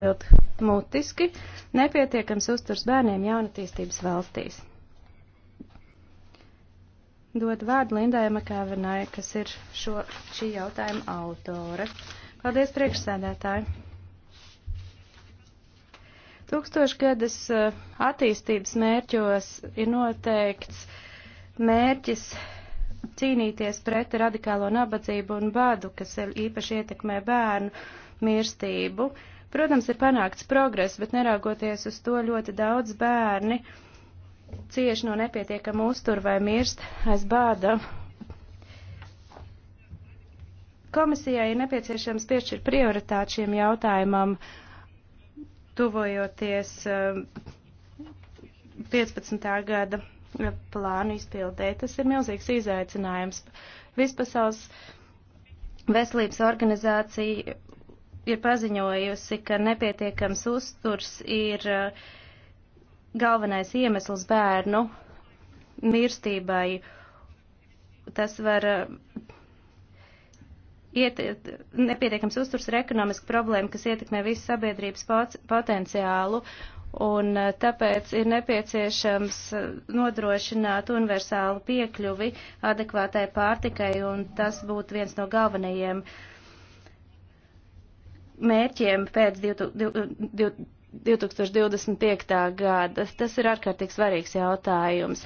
Bild mutiski - nepietiekams uzturs bērniem jaunatīstības valstīs. Dod vārdu Lindai Makāvenai, kas ir šo, šī jautājuma autore. Paldies, priekšsēdētāji! Tūkstošgadas eh, attīstības mērķos ir noteikts mērķis cīnīties pret radikālo nabadzību un badu, kas īpaši ietekmē bērnu mirstību. Uh, Protams, ir panākts progress, bet neraugoties uz to ļoti daudz bērni cieši no nepietiekama uztur vai mirst aiz bāda. Komisijai ir nepieciešams piešķirt prioritāti šiem jautājumam, tuvojoties 15. Eh, gada eh, plānu izpildē. Tas ir milzīgs izaicinājums. Vispasaules veselības organizācija ir paziņojusi, ka nepietiekams uzturs ir uh, galvenais iemesls bērnu mirstībai. Tas var uh, iet, nepietiekams uzturs ir ekonomiska problēma, kas ietekmē visu sabiedrības pot, potenciālu, un uh, tāpēc ir nepieciešams nodrošināt universālu piekļuvi adekvātai pārtikai, un tas būtu viens no galvenajiem uh, mērķiem pēc 2025. gada. Tas ir ārkārtīgi svarīgs jautājums.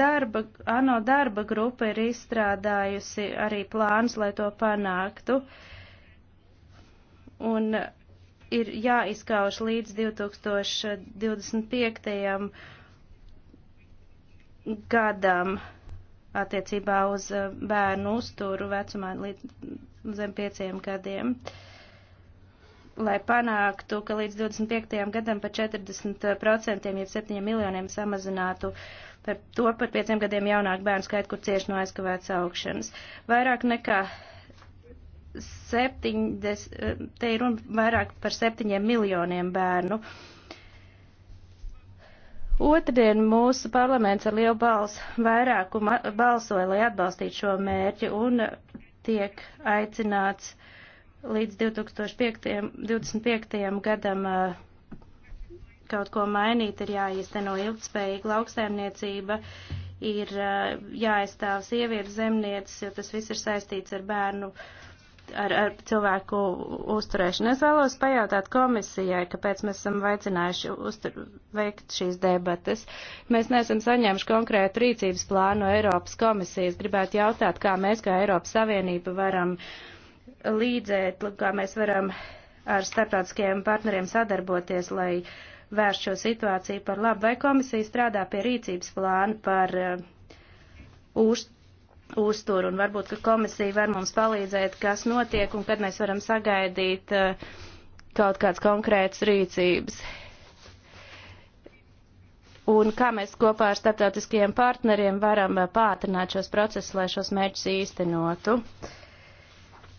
Darba, ANO darba grupa ir izstrādājusi arī plāns, lai to panāktu. Un ir jāizkauž līdz 2025. gadam attiecībā uz bērnu uzturu vecumā līdz zem pieciem gadiem. Lai panāktu, ka līdz 25. gadam par 40% jeb 7 miljoniem samazinātu par to par 5 gadiem jaunāku bērnu skaitu, kur cieši no aizkavētas augšanas. Vairāk nekā 70, te ir runa vairāk par 7 miljoniem bērnu. Otradien mūsu parlaments ar lielu balsu vairākumu balsoja, lai atbalstītu šo mērķi, un tiek aicināts līdz 2005, 2025. gadam eh, kaut ko mainīt, ir jāīsteno ilgspējīga lauksaimniecība, ir eh, jāaizstāv sievietes zemnieces, jo tas viss ir saistīts ar bērnu uh, ar, ar cilvēku uzturēšanu. Es vēlos pajautāt komisijai, kāpēc mēs esam aicinājuši uztur, veikt šīs debates. Mēs neesam saņēmuši konkrētu rīcības plānu Eiropas komisijas. Gribētu jautāt, kā mēs, kā Eiropas Savienība, varam līdzēt, kā mēs varam ar starptautiskajiem partneriem sadarboties, lai vērst šo situāciju par labu. Vai komisija strādā pie rīcības plāna par uh, uzturu, un varbūt, ka komisija var mums palīdzēt, kas notiek un kad mēs varam sagaidīt eh, kaut kāds konkrēts rīcības. Un kā mēs kopā ar starptautiskajiem partneriem varam eh, pātrināt šos procesus, lai šos mērķus īstenotu. Uh,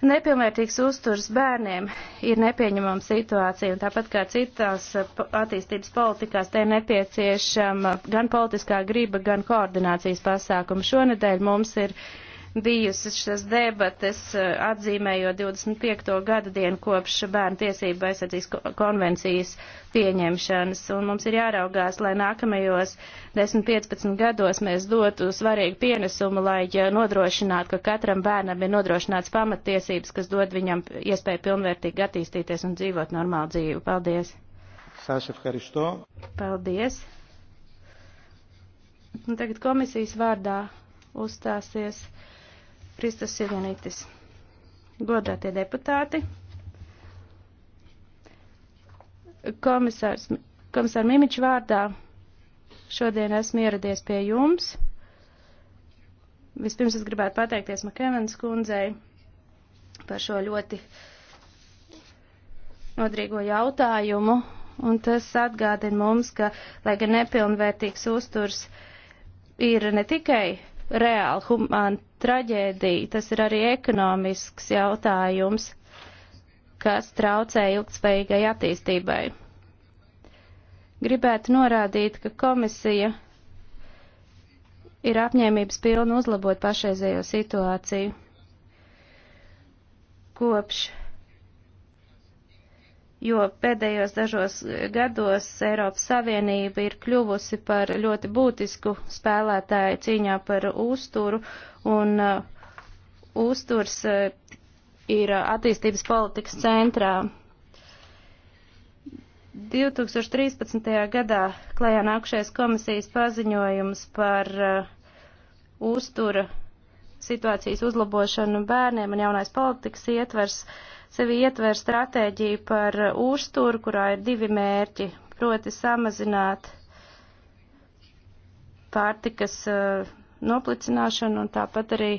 Nepilnvērtīgs uzturs bērniem ir nepieņemama situācija, un tāpat kā citās attīstības politikās, te ir nepieciešama gan politiskā griba, gan koordinācijas pasākuma. Šonedēļ mums ir uh, bijusi šis debates eh, atzīmējot 25. gada dienu kopš bērnu tiesību aizsardzības konvencijas pieņemšanas. Un mums ir jāraugās, lai nākamajos 10-15 gados mēs dotu svarīgu pienesumu, lai eh, nodrošinātu, ka katram bērnam ir nodrošināts pamattiesības, kas dod viņam iespēju pilnvērtīgi attīstīties un dzīvot normālu dzīvi. Paldies! Paldies! Un tagad komisijas vārdā uzstāsies. Kristus Silenītis. Godātie deputāti, komisārs, komisāra Mimiča vārdā šodien esmu ieradies pie jums. Vispirms es gribētu pateikties Makēvenas kundzei par šo ļoti nodrīgo jautājumu, un tas atgādina mums, ka, lai gan nepilnvērtīgs uzturs ir ne tikai reāli humāni traģēdija, tas ir arī ekonomisks jautājums, kas traucē ilgspējīgai attīstībai. Gribētu norādīt, ka komisija ir apņēmības pilna uzlabot pašreizējo situāciju. Kopš jo pēdējos dažos gados Eiropas Savienība ir kļuvusi par ļoti būtisku spēlētāju cīņā par uzturu, un uh, uzturs uh, ir attīstības politikas centrā. 2013. gadā klajā nākušais komisijas paziņojums par uh, uztura situācijas uzlabošanu bērniem un jaunais politikas ietvers uh, sevi ietver stratēģiju par uzturu, kurā ir divi mērķi, proti samazināt pārtikas eh, noplicināšanu un tāpat arī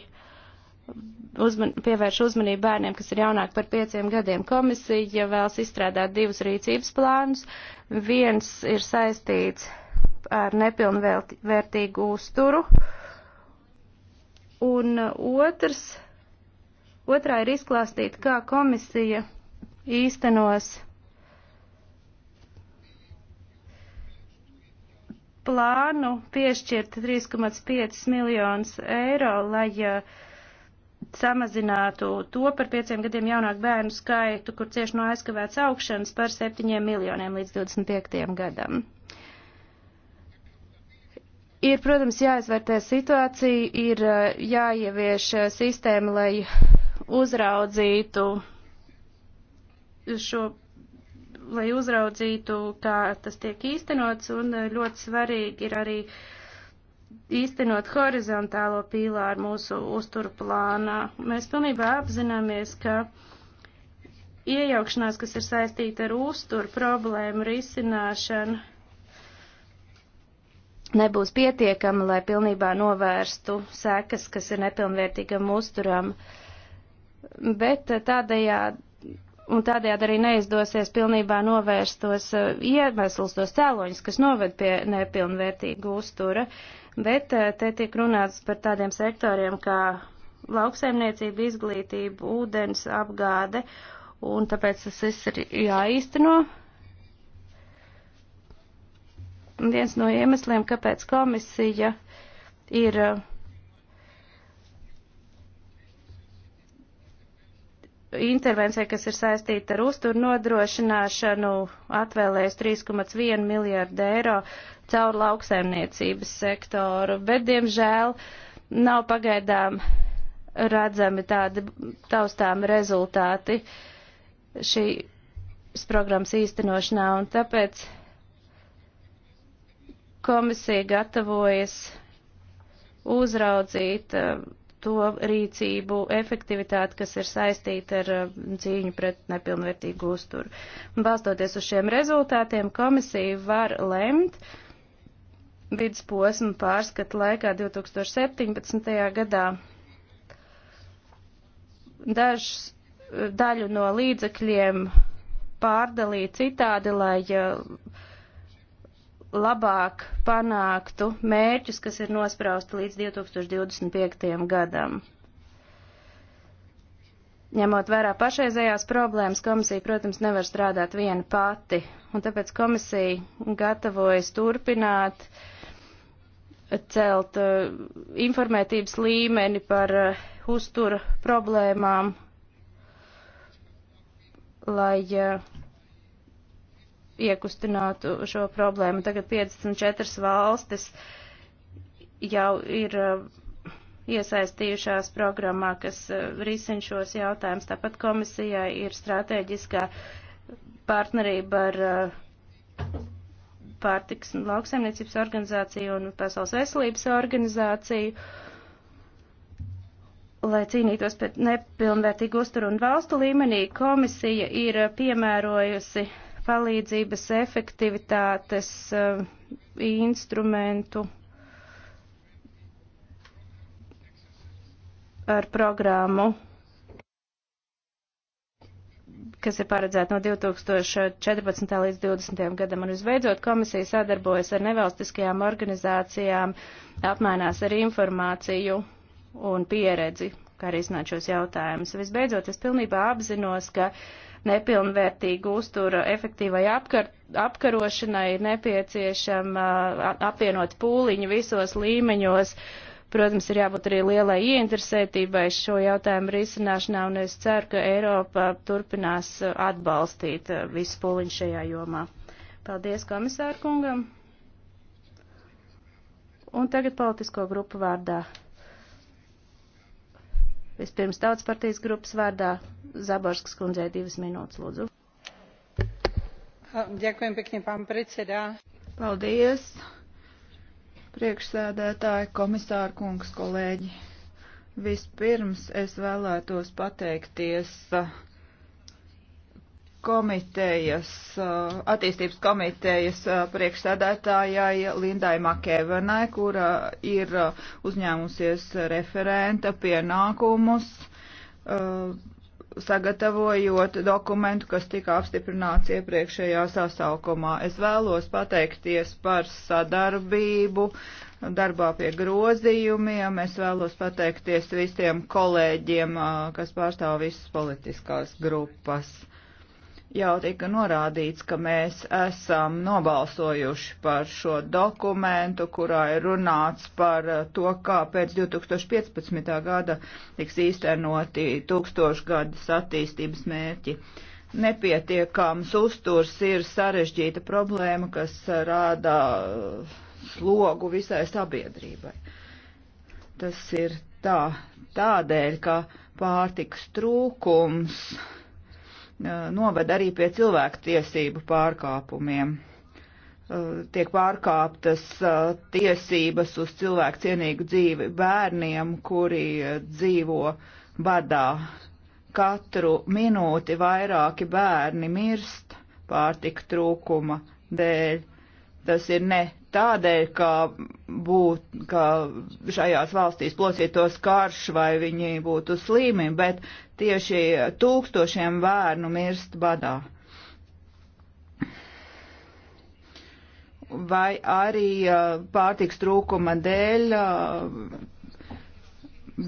uzman, pievērš uzmanību bērniem, kas ir jaunāki par pieciem gadiem. Komisija vēlas izstrādāt divus rīcības plānus. Viens ir saistīts ar nepilnvērtīgu uzturu, un otrs Otrā ir izklāstīt, kā komisija īstenos plānu piešķirt 3,5 miljonus eiro, lai uh, samazinātu to par pieciem gadiem jaunāku bērnu skaitu, kur cieši no aizkavētas augšanas par septiņiem miljoniem līdz 25. gadam. Ir, protams, jāizvērtē situācija, ir uh, jāievieš uh, sistēma, lai uzraudzītu šo lai uzraudzītu, kā tas tiek īstenots, un ļoti svarīgi ir arī īstenot horizontālo pīlāru mūsu uzturu plānā. Mēs pilnībā apzināmies, ka iejaukšanās, kas ir saistīta ar uzturu problēmu risināšanu, nebūs pietiekama, lai pilnībā novērstu sekas, kas ir nepilnvērtīgam uzturam. Uh, bet tādējādi. Un tādējādi arī neizdosies pilnībā novērst tos eh, iemeslus, tos cēloņus, kas noved pie nepilnvērtīgu uztura, bet eh, te tiek runāts par tādiem sektoriem kā lauksaimniecība, izglītība, ūdens apgāde, un tāpēc tas viss ir jāīsteno. Un viens no iemesliem, kāpēc komisija ir uh, intervencija, kas ir saistīta ar uzturu nodrošināšanu, atvēlēs 3,1 miljārdu eiro caur lauksaimniecības sektoru, bet, diemžēl, nav pagaidām redzami tādi taustāmi rezultāti šīs programmas īstenošanā, un tāpēc komisija gatavojas uzraudzīt uh, to rīcību efektivitāti, kas ir saistīta ar eh, cīņu pret nepilnvērtīgu uzturu. Un balstoties uz šiem rezultātiem, komisija var lemt vidusposmu pārskatu laikā 2017. gadā dažs eh, daļu no līdzekļiem pārdalīt citādi, lai uh, labāk panāktu mērķus, kas ir nosprausti līdz 2025. gadam. Ņemot vērā pašreizējās problēmas, komisija, protams, nevar strādāt viena pati, un tāpēc komisija gatavojas turpināt celt uh, informētības līmeni par uh, uzturu problēmām, lai uh, iekustinātu šo problēmu. Tagad 54 valstis jau ir eh, iesaistījušās programmā, kas eh, risina šos jautājumus. Tāpat komisijai ir strateģiskā partnerība ar eh, pārtiks un lauksaimniecības organizāciju un Pasaules veselības organizāciju, lai cīnītos pret nepilnvērtīgu uzturu un valstu līmenī. Komisija ir piemērojusi palīdzības efektivitātes eh, instrumentu ar programmu, kas ir paredzēta no 2014. līdz 2020. gadam. Un visbeidzot, komisija sadarbojas ar nevalstiskajām organizācijām, apmainās ar informāciju un pieredzi, kā arī iznāčos jautājumus. Visbeidzot, es pilnībā apzinos, ka uh, nepilnvērtīgu uzturu efektīvai apkart, apkarošanai ir nepieciešama apvienot pūliņu visos līmeņos. Protams, ir jābūt arī lielai ieinteresētībai šo jautājumu risināšanā, un es ceru, ka Eiropa turpinās atbalstīt visu pūliņu šajā jomā. Paldies komisāru kungam! Un tagad politisko grupu vārdā Vispirms tautas partijas grupas vārdā Zaborskas kundzei divas minūtes lūdzu. Ďakujem pekne, pán predsedā. Paldies, priekšsēdētāji, komisāra kungs, kolēģi. Vispirms es vēlētos pateikties uh, komitejas, uh, attīstības komitejas uh, priekšsēdētājai Lindai Makēvenai, kura ir uh, uzņēmusies referenta pienākumus, sagatavojot dokumentu, kas tika apstiprināts iepriekšējā sasaukumā. Es vēlos pateikties par sadarbību darbā pie grozījumiem. Es vēlos pateikties visiem kolēģiem, kas pārstāv visas politiskās grupas jau tika norādīts, ka mēs esam nobalsojuši par šo dokumentu, kurā ir runāts par eh, to, kā pēc 2015. gada tiks īstenoti tūkstošgadas attīstības mērķi. Nepietiekams uzturs ir sarežģīta problēma, kas rāda eh, slogu visai sabiedrībai. Tas ir tā, tādēļ, ka pārtiks trūkums Uh, noved arī pie cilvēku tiesību pārkāpumiem. Uh, tiek pārkāptas uh, tiesības uz cilvēku cienīgu dzīvi bērniem, kuri dzīvo badā. Katru minūti vairāki bērni mirst pārtika trūkuma dēļ. Tas ir ne tādēļ, ka, būt, ka šajās valstīs plosītos karš vai viņi būtu slīmi, bet Tieši tūkstošiem bērnu mirst badā. Vai arī pārtiks trūkuma dēļ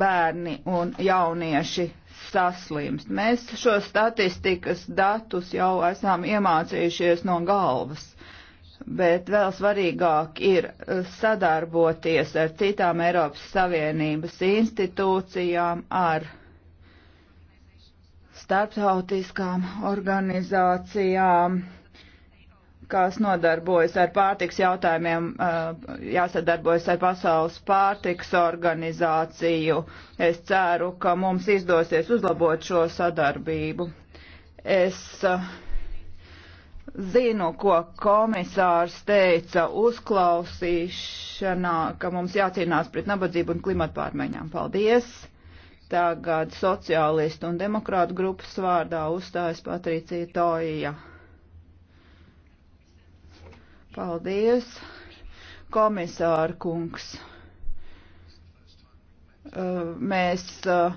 bērni un jaunieši saslimst. Mēs šo statistikas datus jau esam iemācījušies no galvas, bet vēl svarīgāk ir sadarboties ar citām Eiropas Savienības institūcijām, ar starptautiskām organizācijām, kas nodarbojas ar pārtiks jautājumiem, uh, jāsadarbojas ar Pasaules pārtiks organizāciju. Es ceru, ka mums izdosies uzlabot šo sadarbību. Es uh, zinu, ko komisārs teica uzklausīšanā, ka mums jācīnās pret nabadzību un klimatu pārmaiņām. Paldies! Tagad sociālistu un demokrātu grupas vārdā uzstājas Patricija Toija. Paldies, komisāra kungs. Uh, mēs uh,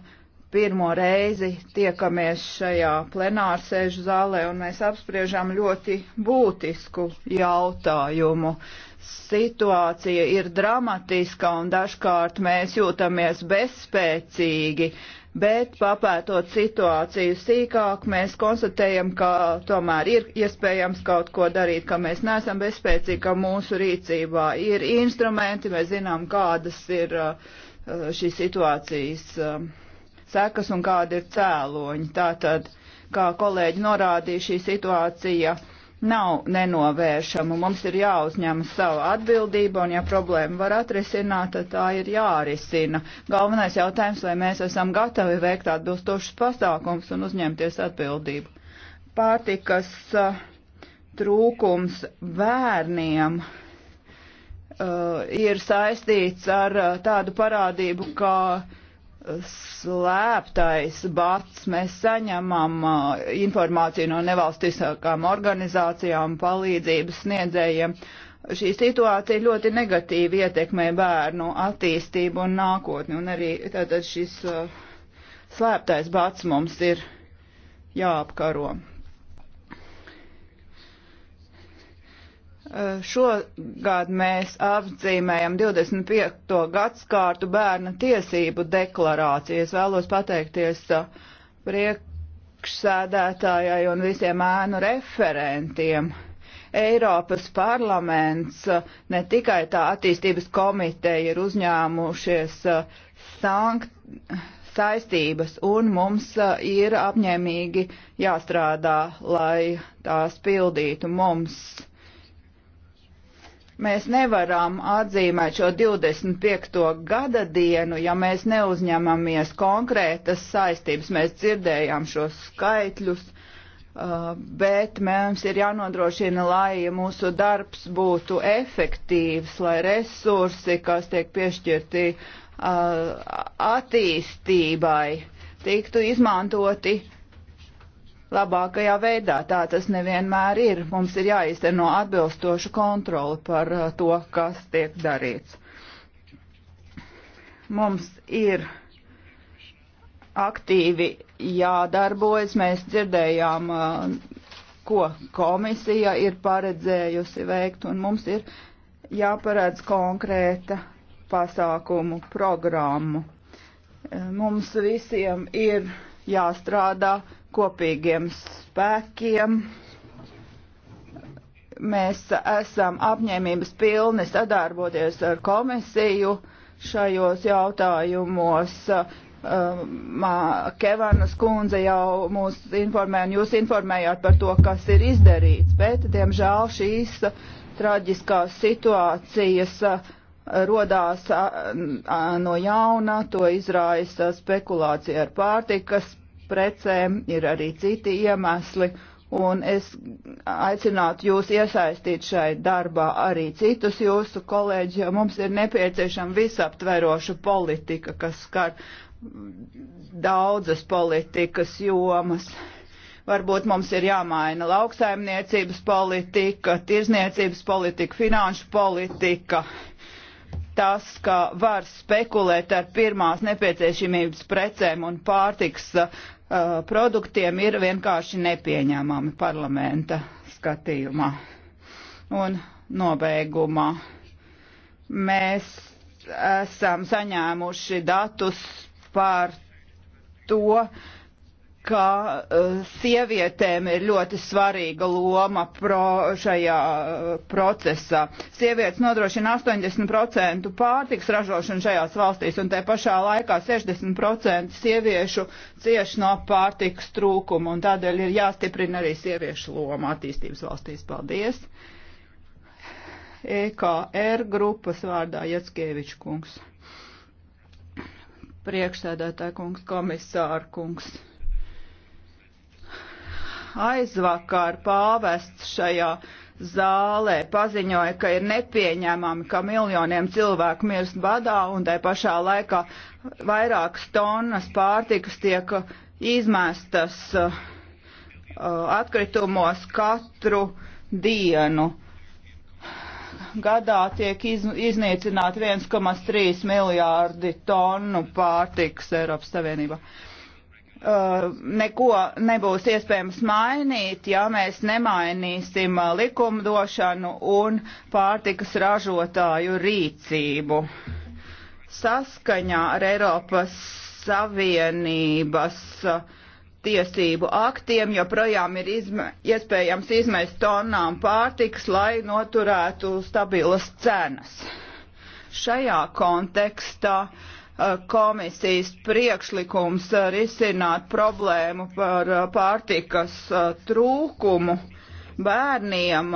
pirmo reizi tiekamies šajā plenārsēžu zālē un mēs apspriežam ļoti būtisku jautājumu situācija ir dramatiska un dažkārt mēs jūtamies bezspēcīgi, bet papētot situāciju sīkāk, mēs konstatējam, ka tomēr ir iespējams kaut ko darīt, ka mēs neesam bezspēcīgi, ka mūsu rīcībā ir instrumenti, mēs zinām, kādas ir uh, šīs situācijas um, sekas un kādi ir cēloņi. Tātad, kā kolēģi norādīja, šī situācija nav nenovēršama. Mums ir jāuzņem sava atbildība, un ja problēma var atrisināt, tad tā ir jārisina. Galvenais jautājums, vai mēs esam gatavi veikt atbilstošus pasākums un uzņemties atbildību. Pārtikas uh, trūkums bērniem uh, ir saistīts ar uh, tādu parādību, kā slēptais bats. Mēs saņemam uh, informāciju no nevalstiskām organizācijām, palīdzības sniedzējiem. Šī situācija ļoti negatīvi ietekmē bērnu attīstību un nākotni, un arī tātad šis uh, slēptais bats mums ir jāapkaro. Eh, šogad mēs apzīmējam 25. gadskārtu bērna tiesību deklarācijas. Vēlos pateikties eh, priekšsēdētājai un visiem ēnu referentiem. Eiropas parlaments, eh, ne tikai tā attīstības komiteja ir uzņēmušies sankt, saistības, un mums ir apņēmīgi jāstrādā, lai tās pildītu mums Mēs nevaram atzīmēt šo 25. gada dienu, ja mēs neuzņemamies konkrētas saistības. Mēs dzirdējām šos skaitļus, uh, bet mums ir jānodrošina, lai mūsu darbs būtu efektīvs, lai resursi, kas tiek piešķirti uh, attīstībai, tiktu izmantoti labākajā veidā. Tā tas nevienmēr ir. Mums ir jāizteno atbilstošu kontroli par uh, to, kas tiek darīts. Mums ir aktīvi jādarbojas. Mēs dzirdējām, uh, ko komisija ir paredzējusi veikt, un mums ir jāparedz konkrēta pasākumu programmu. Mums visiem ir jāstrādā kopīgiem spēkiem. Mēs esam apņēmības pilni sadarboties ar komisiju šajos jautājumos. Um, Kevanas kundze jau mūs informēja, un jūs informējāt par to, kas ir izdarīts, bet, diemžēl, šīs traģiskās situācijas uh, rodās uh, uh, no jauna, to izraisa spekulācija ar pārtikas precēm, ir arī citi iemesli, un es aicinātu jūs iesaistīt šai darbā arī citus jūsu kolēģi, jo mums ir nepieciešama visaptveroša politika, kas skar daudzas politikas jomas. Varbūt mums ir jāmaina lauksaimniecības politika, tirzniecības politika, finanšu politika tas, ka var spekulēt ar pirmās nepieciešamības precēm un pārtiks Uh, produktiem ir vienkārši nepieņēmami parlamenta skatījumā. Un nobeigumā mēs esam saņēmuši datus par to, ka uh, sievietēm ir ļoti svarīga loma pro, šajā uh, procesā. Sievietes nodrošina 80% pārtiks ražošanu šajās valstīs, un te pašā laikā 60% sieviešu cieši no pārtiks trūkuma, un tādēļ ir jāstiprina arī sieviešu loma attīstības valstīs. Paldies! EKR grupas vārdā Jatskevičs kungs. Priekšsēdētāja kungs, komisāra kungs aizvakar pāvests šajā zālē paziņoja, ka ir nepieņēmami, ka miljoniem cilvēku mirst badā un tai pašā laikā vairākas tonnas pārtikas tiek izmestas uh, uh atkritumos katru dienu. Gadā tiek iz, iznīcināt 1,3 miljārdi tonu pārtikas Eiropas Savienībā. Uh, Uh, neko nebūs iespējams mainīt, ja mēs nemainīsim uh, likumdošanu un pārtikas ražotāju rīcību. Saskaņā ar Eiropas Savienības uh, tiesību aktiem joprojām ir izme, iespējams izmest tonām pārtikas, lai noturētu stabilas cenas. Šajā kontekstā uh, Uh, komisijas priekšlikums uh, risināt problēmu par uh, pārtikas trūkumu bērniem,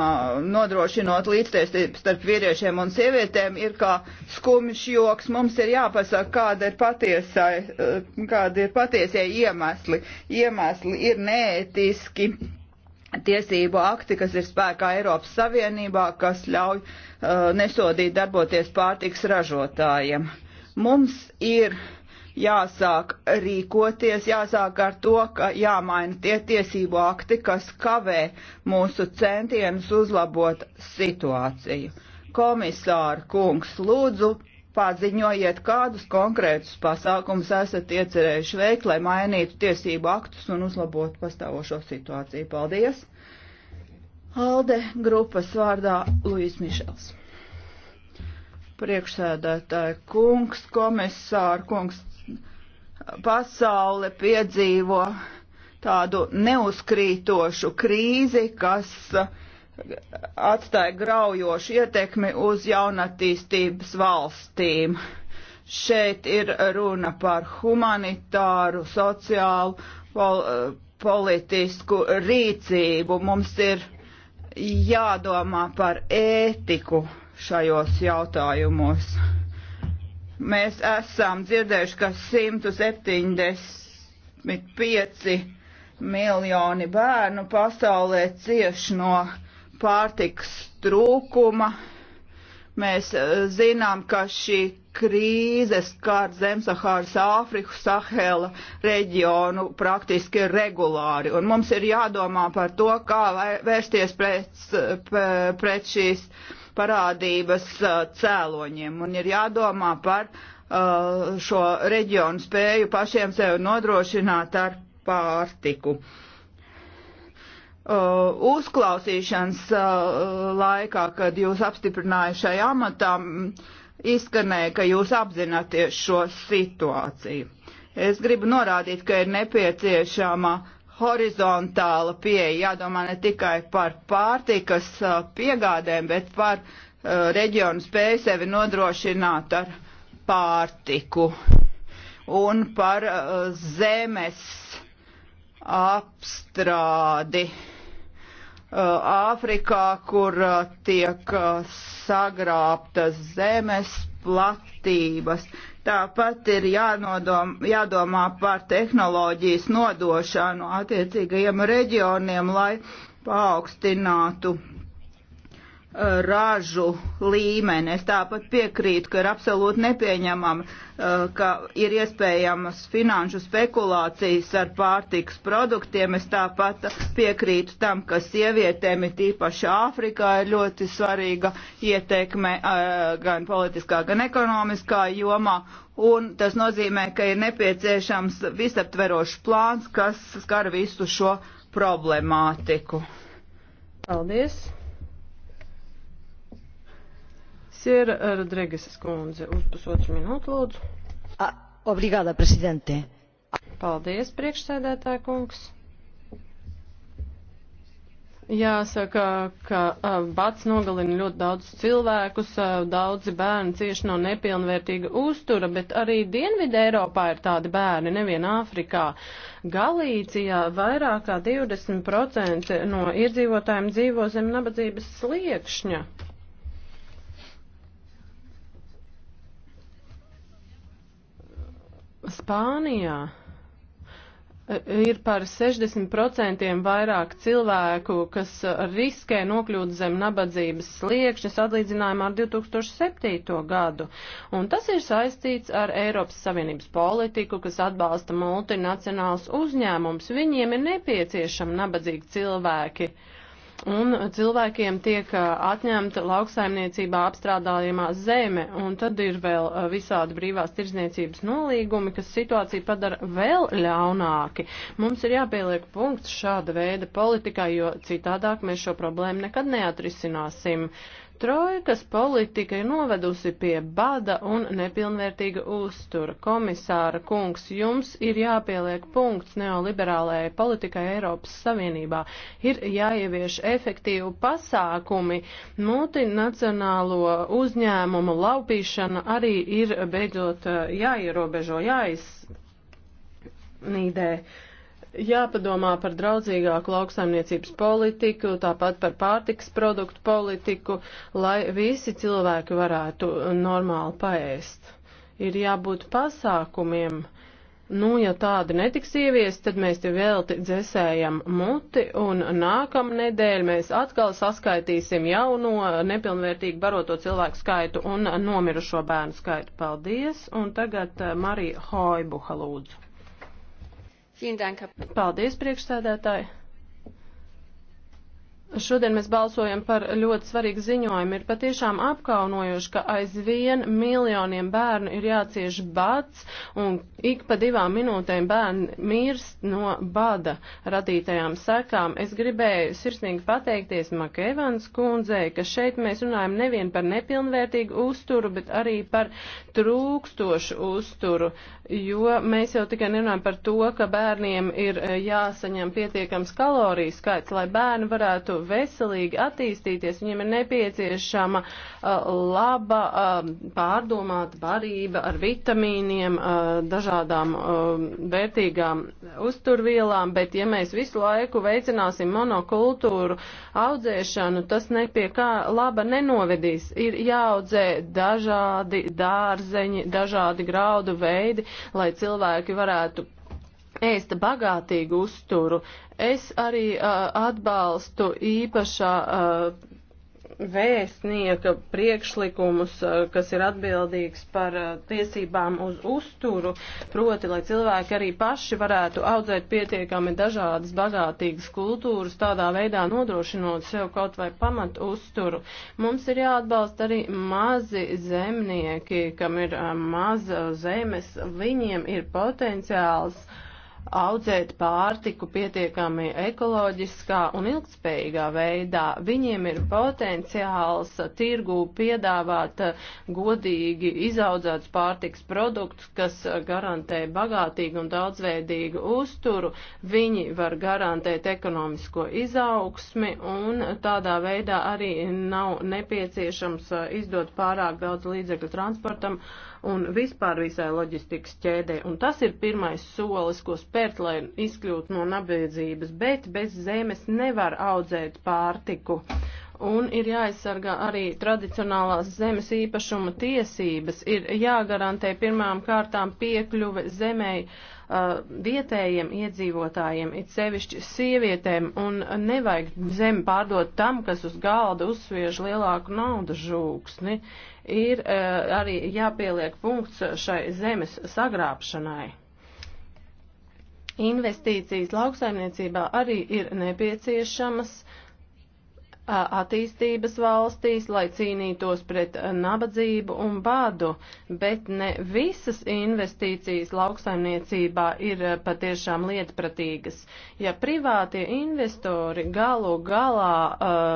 nodrošinot līdztiestību starp vīriešiem un sievietēm, ir kā skumjš joks. Mums ir jāpasaka, kāda ir, patiesai, kāda ir patiesie iemesli. Iemesli ir neētiski tiesību akti, kas ir spēkā Eiropas Savienībā, kas ļauj uh, nesodīt darboties pārtiks ražotājiem. Uh, Mums ir jāsāk rīkoties, jāsāk ar to, ka jāmaina tie tiesību akti, kas kavē mūsu centienus uzlabot situāciju. Komisāra kungs, lūdzu, paziņojiet, kādus konkrētus pasākumus esat iecerējuši veikt, lai mainītu tiesību aktus un uzlabotu pastāvošo situāciju. Paldies! Alde grupas vārdā Luis Mišels. Priekšsēdētāji kungs, komisāri kungs, pasaule piedzīvo tādu neuzkrītošu krīzi, kas atstāja graujošu ietekmi uz jaunatīstības valstīm. Šeit ir runa par humanitāru, sociālu, pol politisku rīcību. Mums ir jādomā par ētiku šajos jautājumos. Mēs esam dzirdējuši, ka 175 miljoni bērnu pasaulē cieš no pārtiks trūkuma. Mēs eh, zinām, ka šī krīze skār Zemsahāras Āfriku, Sahela reģionu praktiski regulāri. Un mums ir jādomā par to, kā vērsties pret, pret šīs uh, parādības uh, cēloņiem un ir jādomā par uh, šo reģionu spēju pašiem sev nodrošināt ar pārtiku. Uh, uzklausīšanas laikā, kad jūs apstiprinājušai amatām, izskanēja, ka jūs apzināties šo situāciju. Es gribu norādīt, ka ir nepieciešama uh, horizontāla pieeja, jādomā ne tikai par pārtikas uh, piegādēm, bet par uh, reģionu spēju sevi nodrošināt ar pārtiku un par uh, zemes apstrādi. Uh, Āfrikā, uh, kur tiek uh, sagrābtas zemes platības, Tāpat ir jānodom, jādomā par tehnoloģijas nodošanu attiecīgajiem reģioniem, lai paaugstinātu ražu līmeni. Es tāpat piekrītu, ka ir absolūti nepieņemama, uh, ka ir iespējamas finanšu spekulācijas ar pārtiks produktiem. Es tāpat piekrītu tam, ka sievietēm ir tīpaši Āfrikā ir ļoti svarīga ietekme uh, gan politiskā, gan ekonomiskā jomā. Un tas nozīmē, ka ir nepieciešams visaptverošs plāns, kas skar visu šo problemātiku. Paldies! ir eh, Rodrigesas kundze. Uz pusotru minūtu lūdzu. A, ah, obrigāda, prezidente. Paldies, priekšsēdētāja kungs. Jāsaka, ka eh, bats nogalina ļoti daudz cilvēkus, eh, daudzi bērni cieši no nepilnvērtīga uztura, bet arī Dienvidē Eiropā ir tādi bērni, nevien Āfrikā. Galīcijā vairāk kā 20% no iedzīvotājiem dzīvo zem nabadzības sliekšņa. Spānijā e, ir par 60% vairāk cilvēku, kas e, riskē nokļūt zem nabadzības sliekšņa sadlīdzinājumā ar 2007. gadu. Un tas ir saistīts ar Eiropas Savienības politiku, kas atbalsta multinacionāls uzņēmums. Viņiem ir nepieciešami nabadzīgi cilvēki. Uh, un cilvēkiem tiek atņemta lauksaimniecībā apstrādājumā zeme, un tad ir vēl visādi brīvās tirzniecības nolīgumi, kas situāciju padara vēl ļaunāki. Mums ir jāpieliek punkts šāda veida politikai, jo citādāk mēs šo problēmu nekad neatrisināsim. Uh, Trojkas politika ir novedusi pie bada un nepilnvērtīga uztura. Komisāra kungs, jums ir jāpieliek punkts neoliberālajai politikai Eiropas Savienībā. Ir jāievieš efektīvu pasākumi. Multinacionālo uzņēmumu laupīšana arī ir beidzot uh, jāierobežo, jāiz. Nīdē. Jāpadomā par draudzīgāku lauksaimniecības politiku, tāpat par pārtiks produktu politiku, lai visi cilvēki varētu normāli paēst. Ir jābūt pasākumiem. Nu, ja tādi netiks ieviest, tad mēs te velti dzēsējam muti un nākamnedēļ mēs atkal saskaitīsim jauno nepilnvērtīgi baroto cilvēku skaitu un nomirušo bērnu skaitu. Paldies! Un tagad eh, Marija Hoibuha lūdzu. Paldies, priekšsēdētāji! Šodien mēs balsojam par ļoti svarīgu ziņojumu. Ir patiešām apkaunojuši, ka aizvien miljoniem bērnu ir jācieš bads un ik pa divām minūtēm bērni mirst no bada radītajām sekām. Es gribēju sirsnīgi pateikties Makevans kundzei, ka šeit mēs runājam nevien par nepilnvērtīgu uzturu, bet arī par trūkstošu uzturu jo mēs jau tikai nerunājam par to, ka bērniem ir e, jāsaņem pietiekams kaloriju skaits, lai bērni varētu veselīgi attīstīties, viņiem ir nepieciešama e, laba e, pārdomāta barība ar vitamīniem, dažādām vērtīgām uzturvielām, bet ja mēs visu laiku veicināsim monokultūru audzēšanu, tas nepie kā laba nenovedīs. Ir jāaudzē dažādi dārzeņi, dažādi graudu veidi, lai cilvēki varētu ēst bagātīgu uzturu. Es arī uh, atbalstu īpašā uh, vēstnieka priekšlikumus, eh, kas ir atbildīgs par eh, tiesībām uz uzturu, proti, lai cilvēki arī paši varētu audzēt pietiekami dažādas bagātīgas kultūras, tādā veidā nodrošinot sev kaut vai pamat uzturu. Mums ir jāatbalsta arī mazi zemnieki, kam ir eh, maza zemes, viņiem ir potenciāls uh, audzēt pārtiku pietiekami ekoloģiskā un ilgspējīgā veidā. Viņiem ir potenciāls tirgū piedāvāt godīgi izaudzēts pārtiks produkts, kas garantē bagātīgu un daudzveidīgu uzturu. Viņi var garantēt ekonomisko izaugsmi un tādā veidā arī nav nepieciešams izdot pārāk daudz līdzekļu transportam. Uh, un vispār visai loģistikas ķēdē. Un tas ir pirmais solis, ko spērt, lai izkļūtu no nabadzības, bet bez zemes nevar audzēt pārtiku. Un ir jāaizsargā arī tradicionālās zemes īpašuma tiesības, ir jāgarantē pirmām kārtām piekļuve zemei. Uh, Uh, vietējiem iedzīvotājiem, it sevišķi sievietēm, un nevajag zemi pārdot tam, kas uz galda uzsviež lielāku naudas žūksni. Ir uh, arī jāpieliek punkts šai zemes sagrābšanai. Investīcijas lauksaimniecībā arī ir nepieciešamas, uh, attīstības valstīs, lai cīnītos pret nabadzību un bādu, bet ne visas investīcijas lauksaimniecībā ir patiešām lietpratīgas. Ja privātie investori galu galā uh,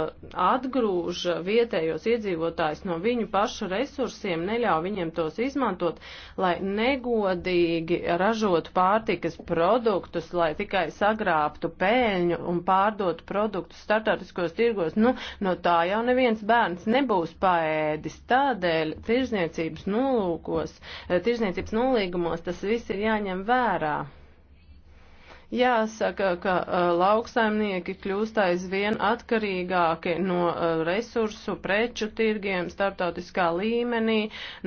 atgrūž vietējos iedzīvotājus no viņu pašu resursiem, neļauj viņiem tos izmantot, lai negodīgi ražotu pārtikas produktus, lai tikai sagrābtu pēļņu un pārdotu produktus startautiskos tirgos, nu, no tā jau neviens bērns nebūs paēdis. Tādēļ tirzniecības nolūkos, eh, tirzniecības nolīgumos tas viss ir jāņem vērā. Jāsaka, ka uh, lauksaimnieki kļūst aizvien atkarīgāki no uh, resursu, preču tirgiem, starptautiskā līmenī,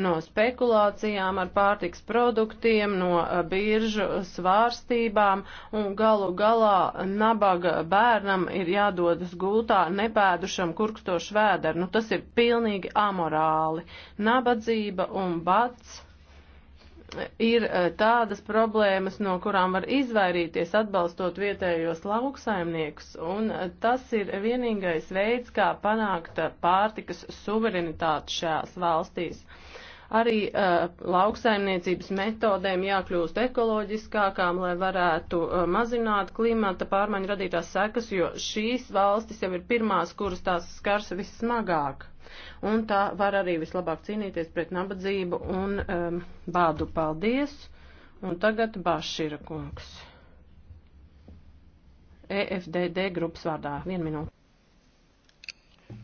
no spekulācijām ar pārtiks produktiem, no uh, biržu svārstībām, un galu galā nabaga bērnam ir jādodas gultā nepēdušam kurkstošu vēderu. Nu, tas ir pilnīgi amorāli. Nabadzība un bats ir eh, tādas problēmas, no kurām var izvairīties atbalstot vietējos lauksaimniekus, un eh, tas ir vienīgais veids, kā panākt eh, pārtikas suverenitāti šajās valstīs. Arī uh, lauksaimniecības metodēm jākļūst ekoloģiskākām, lai varētu uh, mazināt klimata pārmaiņu radītās sekas, jo šīs valstis jau ir pirmās, kuras tās skars vissmagāk un tā var arī vislabāk cīnīties pret nabadzību un um, bādu. Paldies! Un tagad Bāšīra kungs. EFDD grupas vārdā. Vienu minūti.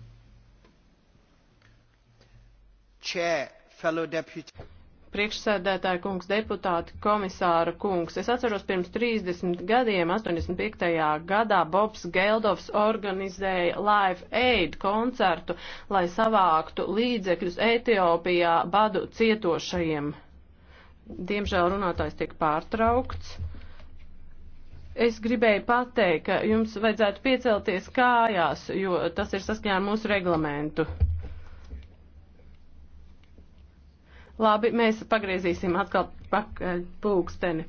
Chair, fellow deputy priekšsēdētāja kungs, deputāti, komisāra kungs. Es atceros pirms 30 gadiem, 85. gadā, Bobs Geldovs organizēja Live Aid koncertu, lai savāktu līdzekļus Etiopijā badu cietošajiem. Diemžēl runātājs tiek pārtraukts. Es gribēju pateikt, ka jums vajadzētu piecelties kājās, jo tas ir saskaņā ar mūsu reglamentu. Labi, mēs pagriezīsim atkal pakaļ eh, pulksteni.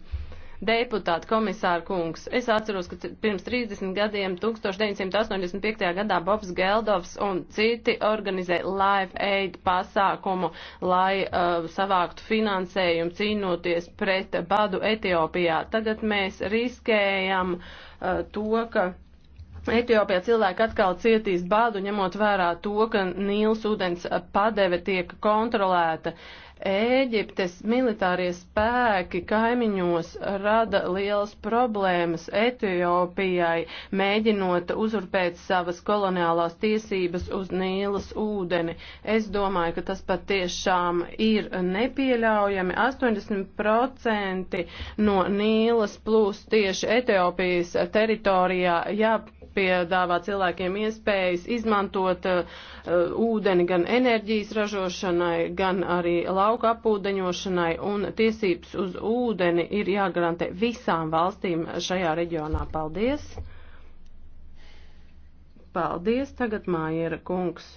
Deputāti, komisāra kungs, es atceros, ka pirms 30 gadiem, 1985. gadā, Bobs Geldovs un citi organizēja Live Aid pasākumu, lai uh, savāktu finansējumu cīnoties pret badu Etiopijā. Tagad mēs riskējam uh, to, ka. Etiopijā cilvēki atkal cietīs bādu, ņemot vērā to, ka Nīls ūdens padeve tiek kontrolēta. Uh, Ēģiptes militārie spēki kaimiņos rada lielas problēmas Etiopijai, mēģinot uzurpēt savas koloniālās tiesības uz Nīlas ūdeni. Es domāju, ka tas pat tiešām ir nepieļaujami. 80% no Nīlas plūs tieši Etiopijas teritorijā. Jā, piedāvā cilvēkiem iespējas izmantot uh, ūdeni gan enerģijas ražošanai, gan arī lauka apūdeņošanai, un tiesības uz ūdeni ir jāgarantē visām valstīm šajā reģionā. Paldies! Paldies! Tagad Mājiera kungs.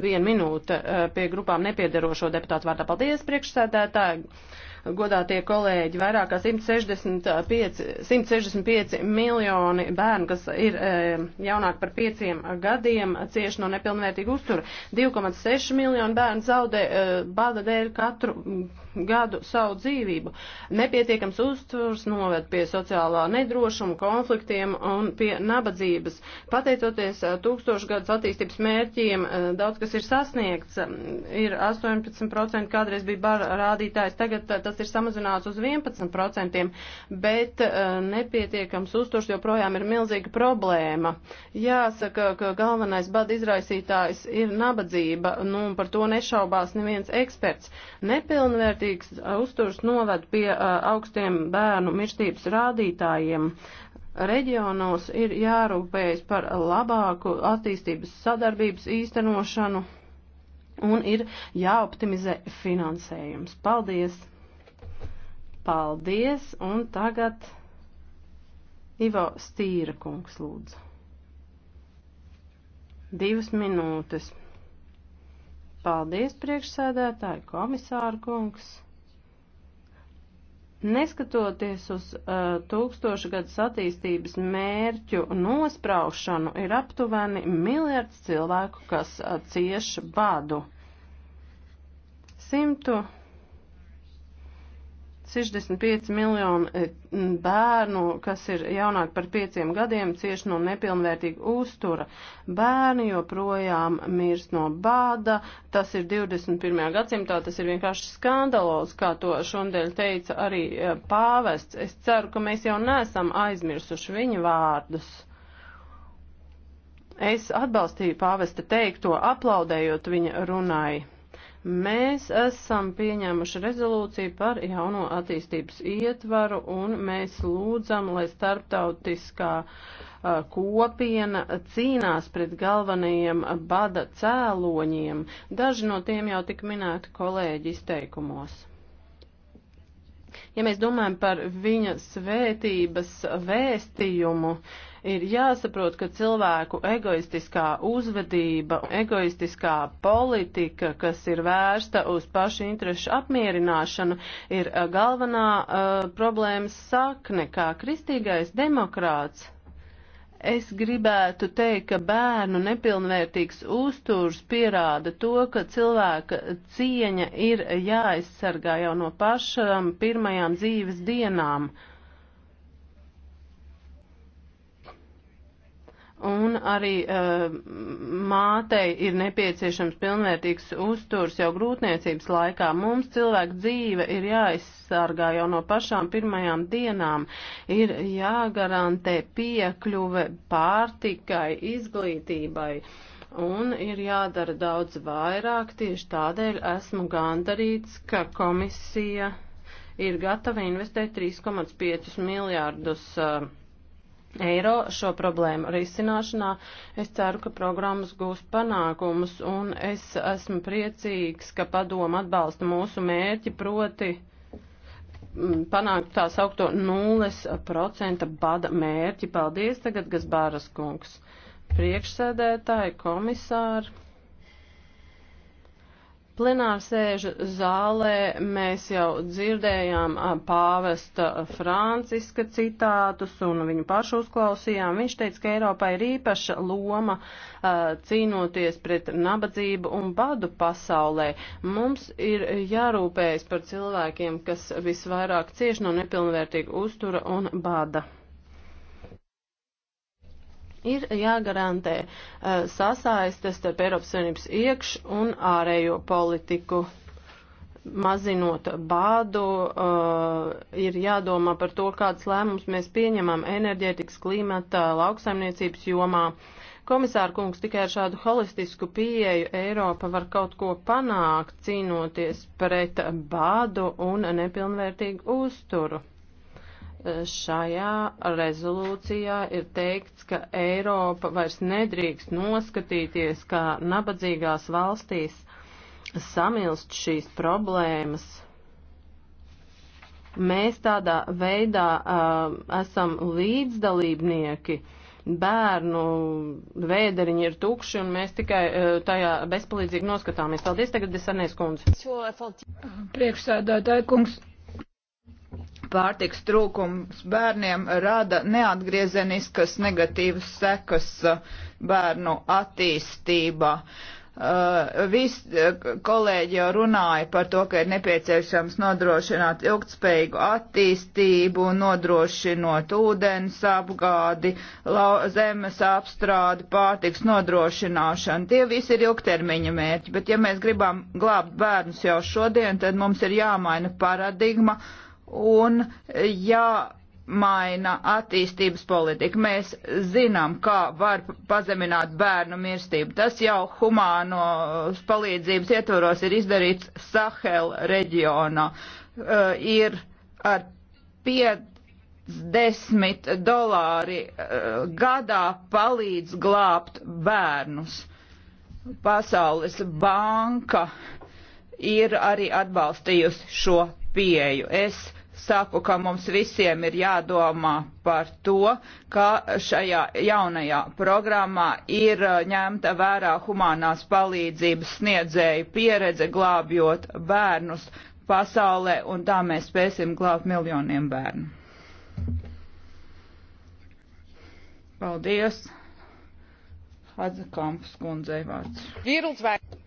Vienu minūte uh, pie grupām nepiedarošo deputātu vārdā. Paldies, priekšsēdētāji! godātie kolēģi, vairāk kā 165, 165 miljoni bērnu, kas ir e, jaunāk par pieciem gadiem, cieši no nepilnvērtīga uztura. 2,6 miljoni bērnu zaudē e, bada dēļ katru gadu savu dzīvību. Nepietiekams uztvurs noved pie sociālā nedrošuma, konfliktiem un pie nabadzības. Pateicoties tūkstošgadus attīstības mērķiem, daudz kas ir sasniegts. Ir 18% kādreiz bija bara rādītājs, tagad tas ir samazināts uz 11%, bet nepietiekams uztvurs joprojām ir milzīga problēma. Jāsaka, ka galvenais bada izraisītājs ir nabadzība, nu un par to nešaubās neviens eksperts. Nepilnvērt nekārtīgs uzturs noved pie augstiem bērnu mirstības rādītājiem. Reģionos ir jārūpējas par labāku attīstības sadarbības īstenošanu un ir jāoptimizē finansējums. Paldies! Paldies! Un tagad Ivo Stīra kungs lūdzu. Divas minūtes. Paldies, priekšsēdētāji, komisāra kungs. Neskatoties uz uh, tūkstošu gadus attīstības mērķu nospraušanu, ir aptuveni miljards cilvēku, kas uh, cieš badu. Simtu 65 miljoni e, bērnu, kas ir jaunāki par pieciem gadiem, cieši no nepilnvērtīga uztura. Bērni joprojām mirst no bāda. Tas ir 21. gadsimtā, tas ir vienkārši skandalos, kā to šodien teica arī e, pāvests. Es ceru, ka mēs jau nesam aizmirsuši viņa vārdus. Es atbalstīju pāvesta teikto, aplaudējot viņa runai. Mēs esam pieņēmuši rezolūciju par jauno attīstības ietvaru un mēs lūdzam, lai starptautiskā kopiena cīnās pret galvenajiem bada cēloņiem. Daži no tiem jau tik minēti kolēģi izteikumos. Ja mēs domājam par viņa svētības vēstījumu, uh, Ir jāsaprot, ka cilvēku egoistiskā uzvedība, egoistiskā politika, kas ir vērsta uz pašu interešu apmierināšanu, ir eh, galvenā uh, problēmas sakne, kā kristīgais demokrāts. Es gribētu teikt, ka bērnu nepilnvērtīgs uzturs pierāda to, ka cilvēka cieņa ir jāaizsargā jau no pašām pirmajām dzīves dienām. Uh, Un arī uh, mātei ir nepieciešams pilnvērtīgs uzturs jau grūtniecības laikā. Mums cilvēku dzīve ir jāizsargā jau no pašām pirmajām dienām. Ir jāgarantē piekļuve pārtikai, izglītībai. Uh, un ir jādara daudz vairāk. Tieši tādēļ esmu gandarīts, ka komisija ir gatava investēt 3,5 miljārdus uh, eiro šo problēmu risināšanā. Es ceru, ka programmas gūs panākumus, un es esmu priecīgs, ka padoma atbalsta mūsu mērķi, proti mm, panākt tā saukto 0% bada mērķi. Paldies tagad, Gazbāras kungs. Priekšsēdētāji, komisāri. Plenārsēžu zālē mēs jau dzirdējām pāvesta Franciska citātus un viņu pašu uzklausījām. Viņš teica, ka Eiropai ir īpaša loma cīnoties pret nabadzību un badu pasaulē. Mums ir jārūpējas par cilvēkiem, kas visvairāk cieši no nepilnvērtīga uztura un bada ir jāgarantē uh, sasaistes starp Eiropas Savienības iekš un ārējo politiku. Mazinot bādu, uh, ir jādomā par to, kādas lēmumus mēs pieņemam enerģētikas, klimata, lauksaimniecības jomā. Komisāra kungs, tikai ar šādu holistisku pieeju Eiropa var kaut ko panākt, cīnoties pret bādu un nepilnvērtīgu uzturu. Šajā rezolūcijā ir teikts, ka Eiropa vairs nedrīkst noskatīties, kā nabadzīgās valstīs samilst šīs problēmas. Mēs tādā veidā uh, esam līdzdalībnieki. Bērnu vēderiņi ir tukši un mēs tikai uh, tajā bezpalīdzīgi noskatāmies. Paldies tagad, Desanēs kundze. Priekšsēdētāji kungs pārtiks trūkums bērniem rada neatgriezeniskas negatīvas sekas uh, bērnu attīstībā. Uh, Visi uh, kolēģi jau runāja par to, ka ir nepieciešams nodrošināt ilgtspējīgu attīstību, nodrošinot ūdens apgādi, lau, zemes apstrādi, pārtiks nodrošināšanu. Tie visi ir ilgtermiņa mērķi, bet ja mēs gribam glābt bērnus jau šodien, tad mums ir jāmaina paradigma un jāmaina attīstības politika. Mēs zinām, kā var pazemināt bērnu mirstību. Tas jau humānos palīdzības ietvaros ir izdarīts Sahel reģionā. Uh, ir ar 50 dolāri uh, gadā palīdz glābt bērnus. Pasaules banka ir arī atbalstījusi šo pieeju. Es saku, ka mums visiem ir jādomā par to, ka šajā jaunajā programmā ir uh, ņemta vērā humanās palīdzības sniedzēju pieredze glābjot bērnus pasaulē, un tā mēs spēsim glābt miljoniem bērnu. Paldies! Hadzakampas kundzei vārds.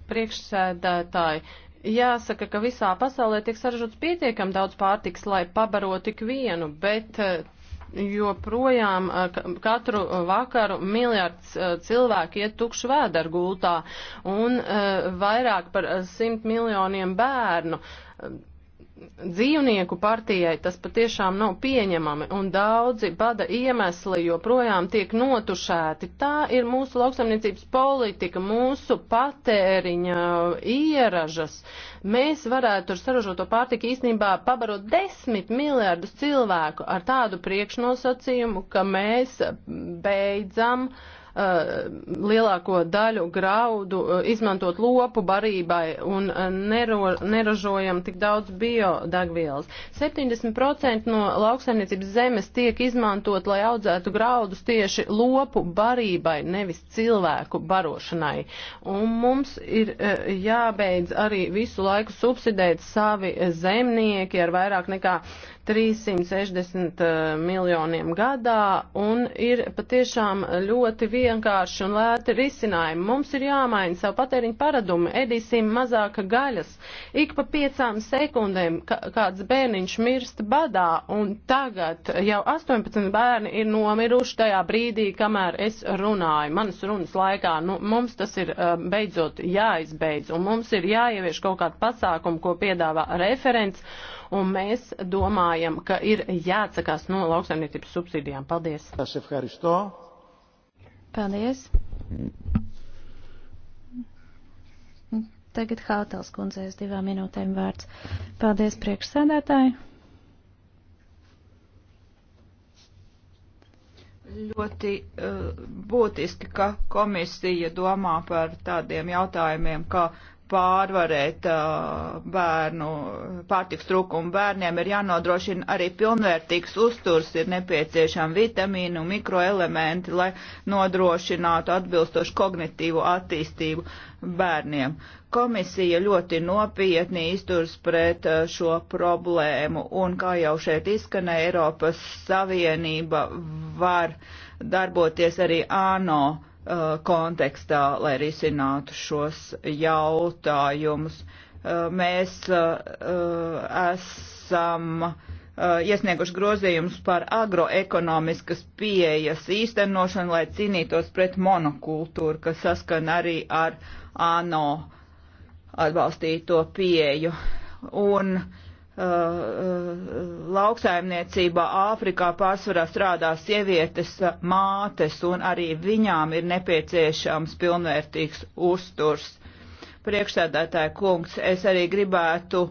Priekšsēdētāji, Jāsaka, ka visā pasaulē tiek saražots pietiekam daudz pārtiks, lai pabaro tik vienu, bet eh, joprojām eh, katru vakaru miljards eh, cilvēku iet tukšu vēderu gultā un vairāk par simt miljoniem bērnu dzīvnieku partijai tas patiešām nav pieņemami, un daudzi bada iemesli joprojām tiek notušēti. Tā ir mūsu lauksamniecības politika, mūsu patēriņa ieražas. Mēs varētu ar saražoto pārtiku īstenībā pabarot desmit miljārdus cilvēku ar tādu priekšnosacījumu, ka mēs beidzam uh, Uh, lielāko daļu graudu uh, izmantot lopu barībai un uh, nero, neražojam tik daudz biodegvielas. 70% no lauksaimniecības zemes tiek izmantot, lai audzētu graudus tieši lopu barībai, nevis cilvēku barošanai. Un mums ir jābeidz arī visu laiku subsidēt savi zemnieki ar vairāk nekā uh, 360 eh, miljoniem gadā un ir patiešām ļoti vienkārši un lēti risinājumi. Mums ir jāmaina savu patēriņu paradumu, ēdīsim mazāka gaļas. Ik pa piecām sekundēm kāds bērniņš mirst badā un tagad jau 18 bērni ir nomiruši tajā brīdī, kamēr es runāju. Manas runas laikā nu, mums tas ir eh, beidzot jāizbeidz un mums ir jāievieš kaut kādu pasākumu, ko piedāvā referents un mēs domājam, ka ir jāatsakās no lauksaimniecības subsīdijām. Paldies! Paldies! Tagad Hātels kundzēs divām minūtēm vārds. Paldies priekšsēdētāji! ļoti uh, būtiski, ka komisija domā par tādiem jautājumiem, kā pārvarēt bērnu pārtiks trūkumu bērniem, ir jānodrošina arī pilnvērtīgs uzturs, ir nepieciešami vitamīnu, mikroelementi, lai nodrošinātu atbilstošu kognitīvu attīstību bērniem. Komisija ļoti nopietni izturs pret šo problēmu, un kā jau šeit izskanē, Eiropas Savienība var darboties arī ANO Uh, kontekstā, lai risinātu šos jautājumus. Uh, mēs uh, esam iesnieguši grozījumus par agroekonomiskas pieejas īstenošanu, lai cīnītos pret monokultūru, kas saskan arī ar ANO atbalstīto pieju. Un uh, lauksaimniecībā Āfrikā pārsvarā strādā sievietes mātes, un arī viņām ir nepieciešams pilnvērtīgs uzturs. Priekšsēdētāja kungs, es arī gribētu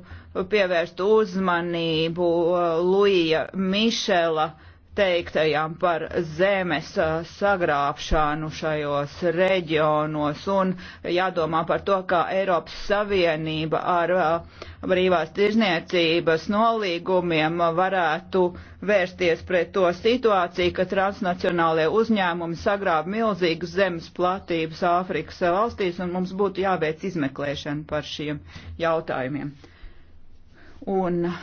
pievērst uzmanību uh, Luija Mišela uh, teiktajām par zemes uh, sagrābšanu šajos reģionos un jādomā par to, kā Eiropas Savienība ar uh, brīvās tirzniecības nolīgumiem varētu vērsties pret to situāciju, ka transnacionālie uzņēmumi sagrāb milzīgas zemes platības Āfrikas valstīs un mums būtu jāveic izmeklēšana par šiem jautājumiem. Un, uh,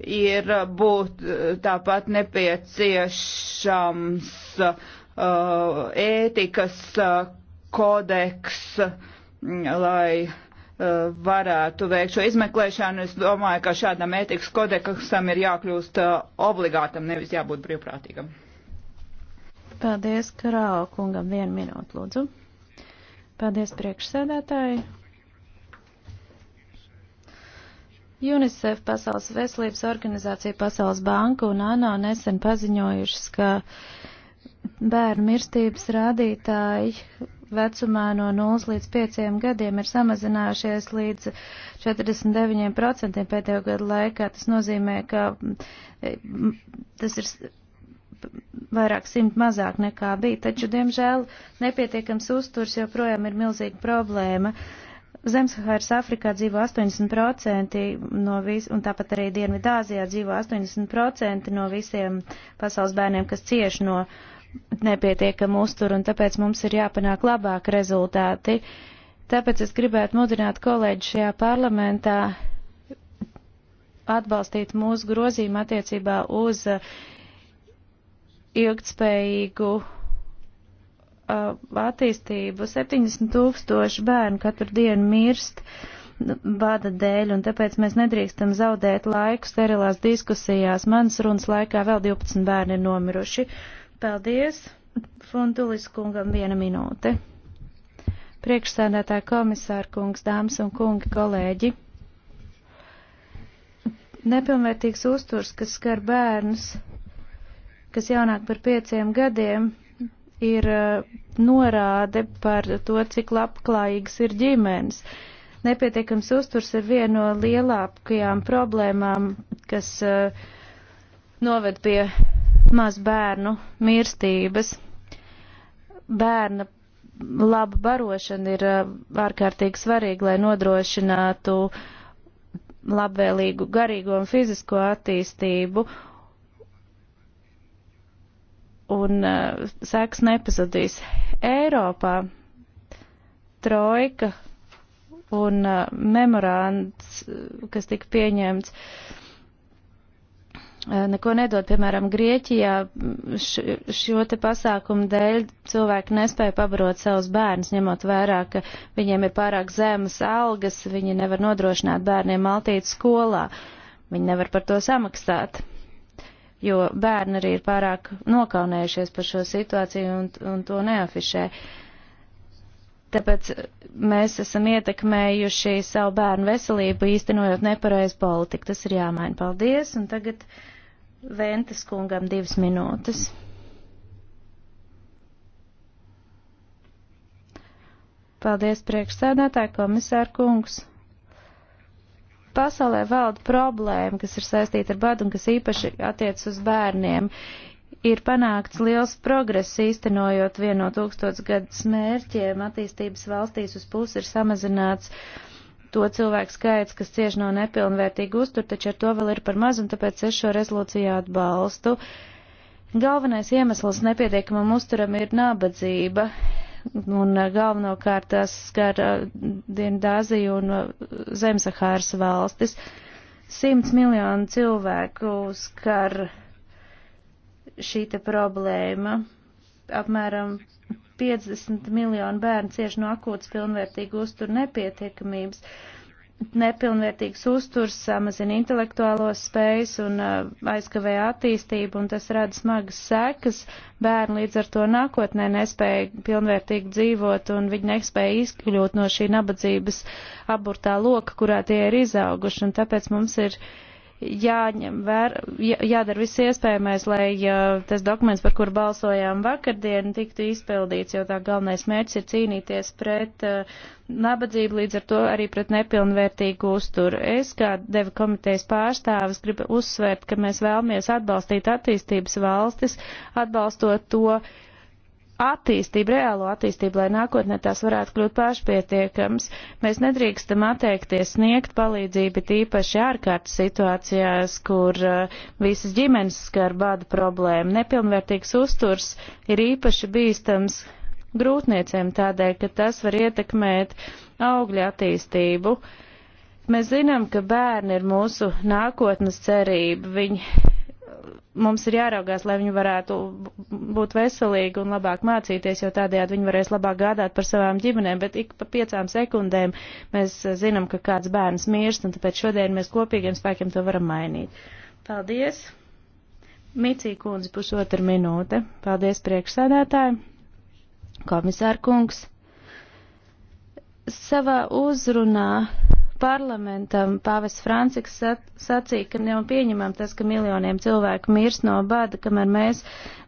ir uh, būt uh, tāpat nepieciešams uh, ētikas uh, kodeks, mm, lai uh, varētu veikt šo izmeklēšanu. Es domāju, ka šādam ētikas kodeksam ir jākļūst uh, obligātam, nevis jābūt brīvprātīgam. Paldies, Karāla kungam, vienu minūtu lūdzu. Paldies, priekšsēdētāji. UNICEF, Pasaules veselības organizācija, Pasaules banka un ANO nesen paziņojušas, ka bērnu mirstības rādītāji vecumā no 0 līdz 5 gadiem ir samazinājušies līdz 49% pēdējo gadu laikā. Tas nozīmē, ka e, tas ir vairāk simt mazāk nekā bija. Taču, diemžēl, nepietiekams uzturs joprojām ir milzīga problēma. Uh, Zemsaharas Afrikā dzīvo 80% no vis, un tāpat arī Dienvidāzijā dzīvo 80% no visiem pasaules bērniem, kas cieši no nepietiekama uzturu, un tāpēc mums ir jāpanāk labāki rezultāti. Tāpēc es gribētu mudināt kolēģi šajā parlamentā atbalstīt mūsu grozījumu attiecībā uz ilgtspējīgu uh, attīstību. 70 tūkstoši bērnu katru dienu mirst bada dēļ, un tāpēc mēs nedrīkstam zaudēt laiku sterilās diskusijās. Manas runas laikā vēl 12 bērni ir nomiruši. Paldies! Funtulis kungam viena minūte. Priekšsēdētāja komisāra kungs, dāmas un kungi, kolēģi. Nepilnvērtīgs uzturs, kas skar bērnus, kas jaunāk par pieciem gadiem, ir eh, norāde par to, cik labklājīgas ir ģimenes. Nepietiekams uzturs ir viena no lielākajām problēmām, kas eh, noved pie maz bērnu mirstības. Bērna laba barošana ir eh, ārkārtīgi svarīga, lai nodrošinātu labvēlīgu garīgo un fizisko attīstību un uh, e, sēks nepazudīs. Eiropā trojka un uh, e, memorāns, e, kas tika pieņemts, uh, neko nedod, piemēram, Grieķijā š, šo te pasākumu dēļ cilvēki nespēja pabarot savus bērnus, ņemot vērā, ka viņiem ir pārāk zemas algas, viņi nevar nodrošināt bērniem maltīt skolā, viņi nevar par to samaksāt jo bērni arī ir pārāk nokaunējušies par šo situāciju un, un to neafišē. Tāpēc mēs esam ietekmējuši savu bērnu veselību, īstenojot nepareizu politiku. Tas ir jāmaina. Paldies! Un tagad Ventas kungam divas minūtes. Paldies, priekšsēdētāji, komisāra kungs! Pasaulē valda problēma, kas ir saistīta ar badu un kas īpaši attiec uz bērniem. Ir panākts liels progress īstenojot vieno no tūkstotsgadus mērķiem. Attīstības valstīs uz pusi ir samazināts to cilvēku skaits, kas cieši no nepilnvērtīga uztur, taču ar to vēl ir par maz, un tāpēc es šo rezolūciju atbalstu. Galvenais iemesls nepietiekamam uzturam ir nabadzība un eh, galvenokārt tās skar eh, Dienvidāziju un eh, Zemsahāras valstis. Simts miljonu cilvēku skar šīta problēma. Apmēram 50 miljonu bērnu cieši no akūtas pilnvērtīgu uzturu nepietiekamības. Uh, nepilnvērtīgs uzturs samazina intelektuālos spējas un uh, aizkavē attīstību, un tas rada smagas sekas. Bērni līdz ar to nākotnē nespēja pilnvērtīgi dzīvot, un viņi nespēja izkļūt no šī nabadzības aburtā loka, kurā tie ir izauguši, un tāpēc mums ir uh, jāņem vēr, jā, jādara viss iespējamais, lai uh, tas dokuments, par kuru balsojām vakardien, tiktu izpildīts, jo tā galvenais mērķis ir cīnīties pret uh, nabadzību, līdz ar to arī pret nepilnvērtīgu uzturu. Es, kā deva komitejas pārstāvis, gribu uzsvērt, ka mēs vēlamies atbalstīt attīstības valstis, atbalstot to, uh, attīstību, reālo attīstību, lai nākotnē tās varētu kļūt pašpietiekams. Mēs nedrīkstam atteikties sniegt palīdzību tīpaši ārkārtas situācijās, kur uh, visas ģimenes skar bada problēmu. Nepilnvērtīgs uzturs ir īpaši bīstams grūtniecēm tādēļ, ka tas var ietekmēt augļu attīstību. Mēs zinām, ka bērni ir mūsu nākotnes cerība. Viņi mums ir jāraugās, lai viņi varētu būt veselīgi un labāk mācīties, jo tādējādi viņi varēs labāk gādāt par savām ģimenēm, bet ik pa piecām sekundēm mēs zinām, ka kāds bērns mirst, un tāpēc šodien mēs kopīgiem spēkiem to varam mainīt. Paldies! Micī kundze pusotra minūte. Paldies priekšsēdētāji, komisāra kungs. Savā uzrunā parlamentam pāvests Franciks sacīja, ka nav pieņemam tas, ka miljoniem cilvēku mirs no bada, kamēr mēs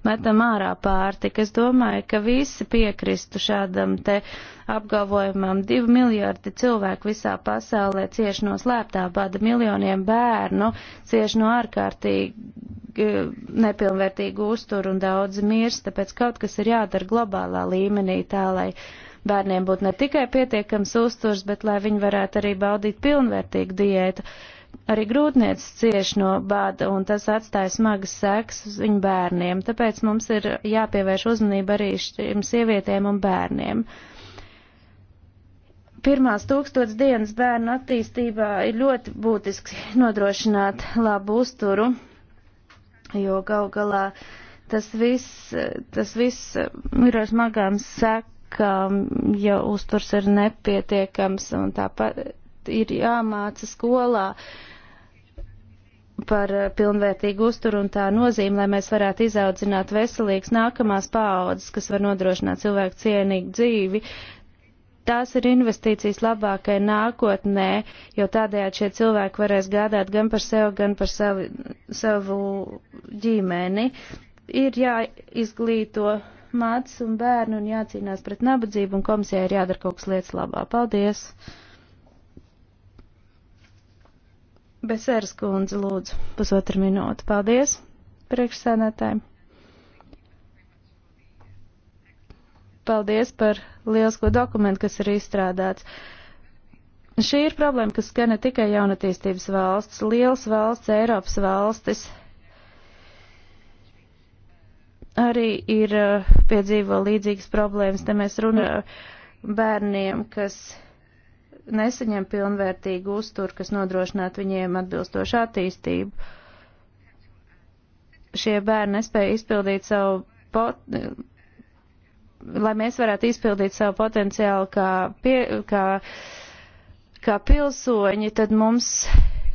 metam ārā pārtika. Es domāju, ka visi piekristu šādam te apgalvojumam. Divi miljardi cilvēku visā pasaulē cieši no slēptā bada, miljoniem bērnu cieši no ārkārtīgi eh, nepilnvērtīgu uzturu un daudzi mirst, tāpēc kaut kas ir jādara globālā līmenī tā, lai bērniem būtu ne tikai pietiekams uzturs, bet lai viņi varētu arī baudīt pilnvērtīgu diētu. Arī grūtniec cieš no bada, un tas atstāja smagas sekas uz viņu bērniem, tāpēc mums ir jāpievērš uzmanība arī šīm sievietēm un bērniem pirmās tūkstots dienas bērnu attīstībā ir ļoti būtiski nodrošināt labu uzturu, jo gal galā tas viss, tas viss ir ar smagām sek, ka mm, ja uzturs ir nepietiekams un tāpat ir jāmāca skolā par eh, pilnvērtīgu uzturu un tā nozīmi, lai mēs varētu izaudzināt veselīgas nākamās paaudzes, kas var nodrošināt cilvēku cienīgu dzīvi. Tās ir investīcijas labākai nākotnē, jo tādējādi šie cilvēki varēs gādāt gan par sevi, gan par savi, savu ģimeni. Ir jāizglīto mātes un bērnu un jācīnās pret nabadzību, un komisijai ir jādara kaut kas lietas labā. Paldies! Beseras kundze, lūdzu, pusotru minūtu. Paldies priekšsēdētājiem! Paldies par lielisko dokumentu, kas ir izstrādāts. Šī ir problēma, kas skar ne tikai jaunatīstības valsts, liels valsts, Eiropas valstis, arī ir eh, piedzīvo līdzīgas problēmas. Te mēs runājam bērniem, kas nesaņem pilnvērtīgu uzturu, kas nodrošinātu viņiem atbilstošu attīstību. Šie bērni nespēja izpildīt savu pot, lai mēs varētu izpildīt savu potenciālu kā, pie, kā, kā pilsoņi, tad mums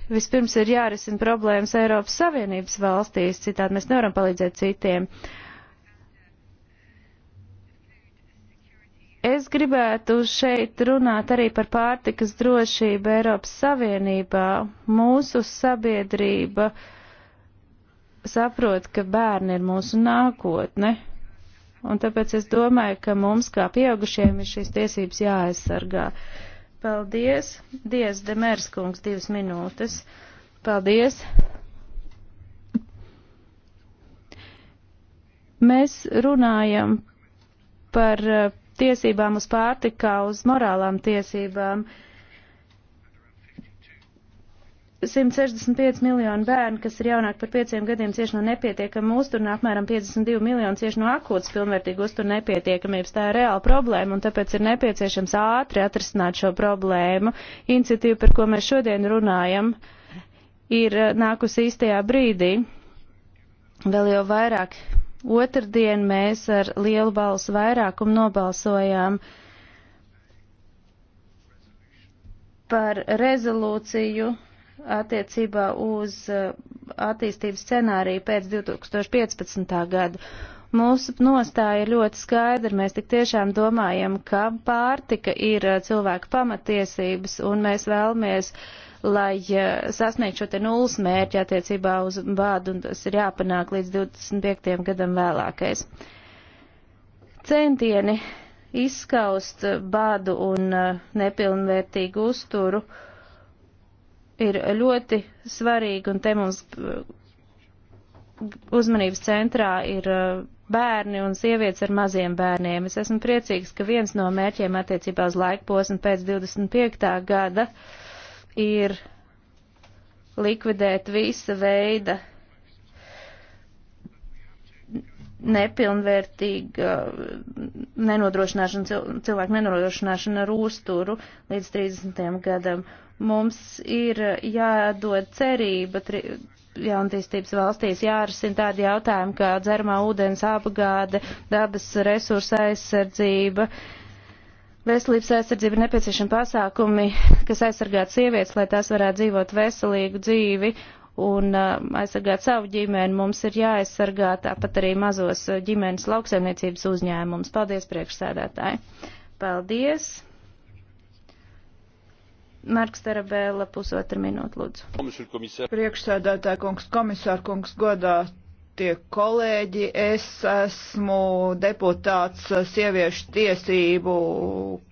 vispirms ir jārisina problēmas Eiropas Savienības valstīs, citādi mēs nevaram palīdzēt citiem. Uh, Es gribētu šeit runāt arī par pārtikas drošību Eiropas Savienībā. Mūsu sabiedrība saprot, ka bērni ir mūsu nākotne, un tāpēc es domāju, ka mums kā pieaugušiem ir šīs tiesības jāaizsargā. Paldies, Dievs Demērskungs, divas minūtes. Paldies. Mēs runājam par tiesībām uz pārtikā, uz morālām tiesībām. 165 miljoni bērnu, kas ir jaunāki par 5 gadiem, cieši no nepietiekama uzturna, apmēram 52 miljoni cieši no akūtas pilnvērtīga uzturna nepietiekamības. Tā ir reāla problēma, un tāpēc ir nepieciešams ātri atrisināt šo problēmu. Iniciatīva, par ko mēs šodien runājam, ir uh, nākusi īstajā brīdī. Vēl jau vairāk Otrdien mēs ar lielu balsu vairākumu nobalsojām par rezolūciju attiecībā uz uh, attīstības scenāriju pēc 2015. gada. Mūsu nostāja ir ļoti skaidra. Mēs tik tiešām domājam, ka pārtika ir cilvēka pamatiesības, un mēs vēlamies, lai sasniegtu šo te nulles mērķi attiecībā uz bādu, un tas ir jāpanāk līdz 25. gadam vēlākais. Centieni izskaust bādu un nepilnvērtīgu uzturu ir ļoti svarīgi, un te mums uzmanības centrā ir bērni un sievietes ar maziem bērniem. Es esmu priecīgs, ka viens no mērķiem attiecībā uz laika posmu pēc 25. gada ir likvidēt visa veida nepilnvērtīga nenodrošināšana, cilvēku nenodrošināšana ar uzturu līdz 30. gadam. Mums ir jādod cerība jaunatīstības valstīs jārisina tādi jautājumi kā dzermā ūdens apgāde, dabas resursa aizsardzība. Veselības aizsardzība ir nepieciešama pasākumi, kas aizsargātu sievietes, lai tās varētu dzīvot veselīgu dzīvi un um, aizsargāt savu ģimeni. Mums ir jāaizsargā tāpat arī mazos uh, ģimenes lauksaimniecības uzņēmums. Paldies, priekšsēdētāji! Paldies! Marks Tarabēla pusotra minūte, lūdzu. Priekšsēdētā kungs, komisār kungs, godā tie kolēģi. Es esmu deputāts sieviešu tiesību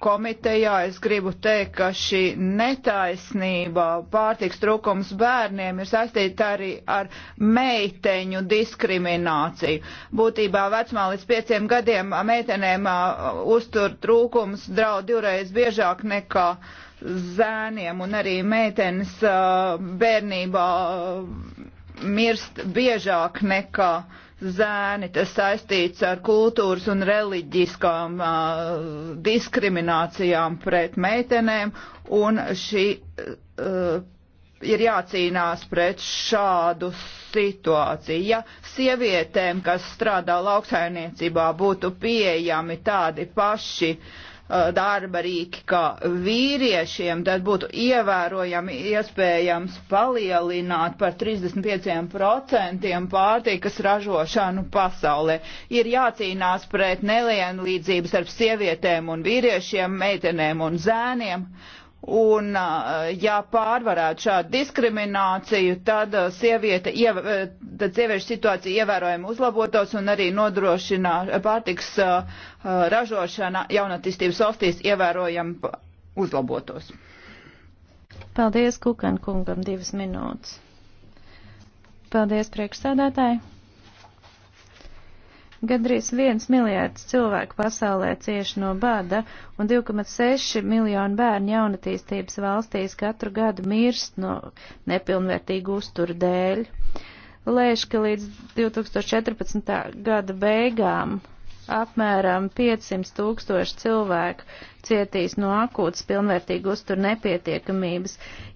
komitejā. Es gribu teikt, ka šī netaisnība pārtiks trūkums bērniem ir saistīta arī ar meiteņu diskrimināciju. Būtībā vecumā līdz pieciem gadiem meitenēm uh, uztur trūkums draud divreiz biežāk nekā uh, zēniem un arī meitenes uh, bērnībā uh, mirst biežāk nekā zēni. Tas saistīts ar kultūras un reliģiskām uh, diskriminācijām pret meitenēm un šī ir jācīnās pret šādu situāciju. Ja sievietēm, kas strādā lauksaimniecībā, būtu pieejami tādi paši uh, Uh, darba rīki kā vīriešiem, tad būtu ievērojami iespējams palielināt par 35% pārtikas ražošanu pasaulē. Ir jācīnās pret nelienlīdzības ar sievietēm un vīriešiem, meitenēm un zēniem. Uh, Un, eh, ja pārvarētu šādu diskrimināciju, tad, eh, sieviete, eh, tad sieviešu situācija ievērojami uzlabotos un arī nodrošinā pārtiks ražošana jaunatīstības valstīs ievērojami uzlabotos. Paldies Kukan kungam divas minūtes. Paldies priekšsēdētāji. Gadrīz 1 miljārds cilvēku pasaulē cieši no bada, un 2,6 miljonu bērnu jaunatīstības valstīs katru gadu mirst no nepilnvērtīgu uzturu dēļ. Lēš, ka līdz 2014. gada beigām apmēram 500 tūkstoši cilvēku cietīs no akūtas pilnvērtīgu uzturu nepietiekamības.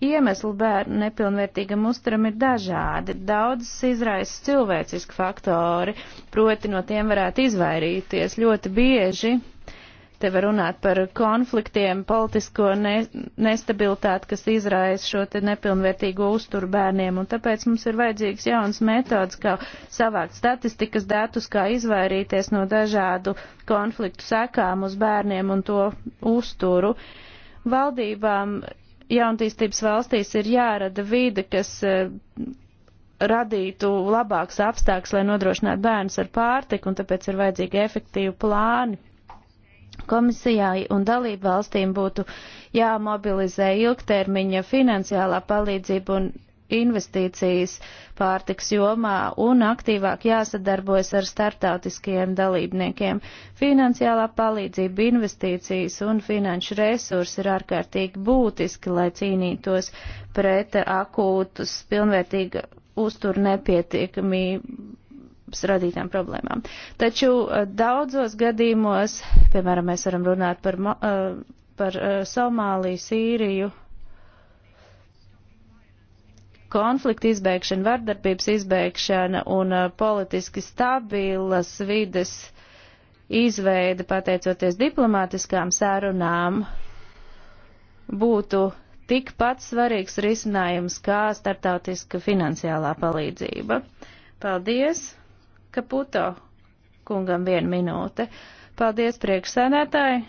Iemesli bērnu nepilnvērtīgam uzturam ir dažādi. Daudzas izraisa cilvēciski faktori, proti no tiem varētu izvairīties ļoti bieži Te var runāt par konfliktiem, politisko ne, nestabilitāti, kas izraisa šo te nepilnvērtīgo uzturu bērniem, un tāpēc mums ir vajadzīgs jauns metods, kā savākt statistikas datus, kā izvairīties no dažādu konfliktu sekām uz bērniem un to uzturu. Valdībām jauntīstības valstīs ir jārada vīde, kas eh, radītu labāks apstākļus, lai nodrošinātu bērnus ar pārtiku, un tāpēc ir vajadzīgi efektīvi plāni komisijai un dalību valstīm būtu jāmobilizē ilgtermiņa finansiālā palīdzība un investīcijas pārtiks jomā un aktīvāk jāsadarbojas ar starptautiskajiem dalībniekiem. Finansiālā palīdzība, investīcijas un finanšu resursi ir ārkārtīgi būtiski, lai cīnītos pret akūtus pilnvērtīga uztur nepietiekami Eiropas radītām problēmām. Taču eh, daudzos gadījumos, piemēram, mēs varam runāt par, eh, par eh, Somāliju, Sīriju, konflikta izbēgšana, vardarbības izbēgšana un politiski stabilas vides izveida pateicoties diplomātiskām sārunām būtu tikpat svarīgs risinājums kā starptautiska finansiālā palīdzība. Paldies! Kaputo kungam viena minūte. Paldies priekšsēdētāji.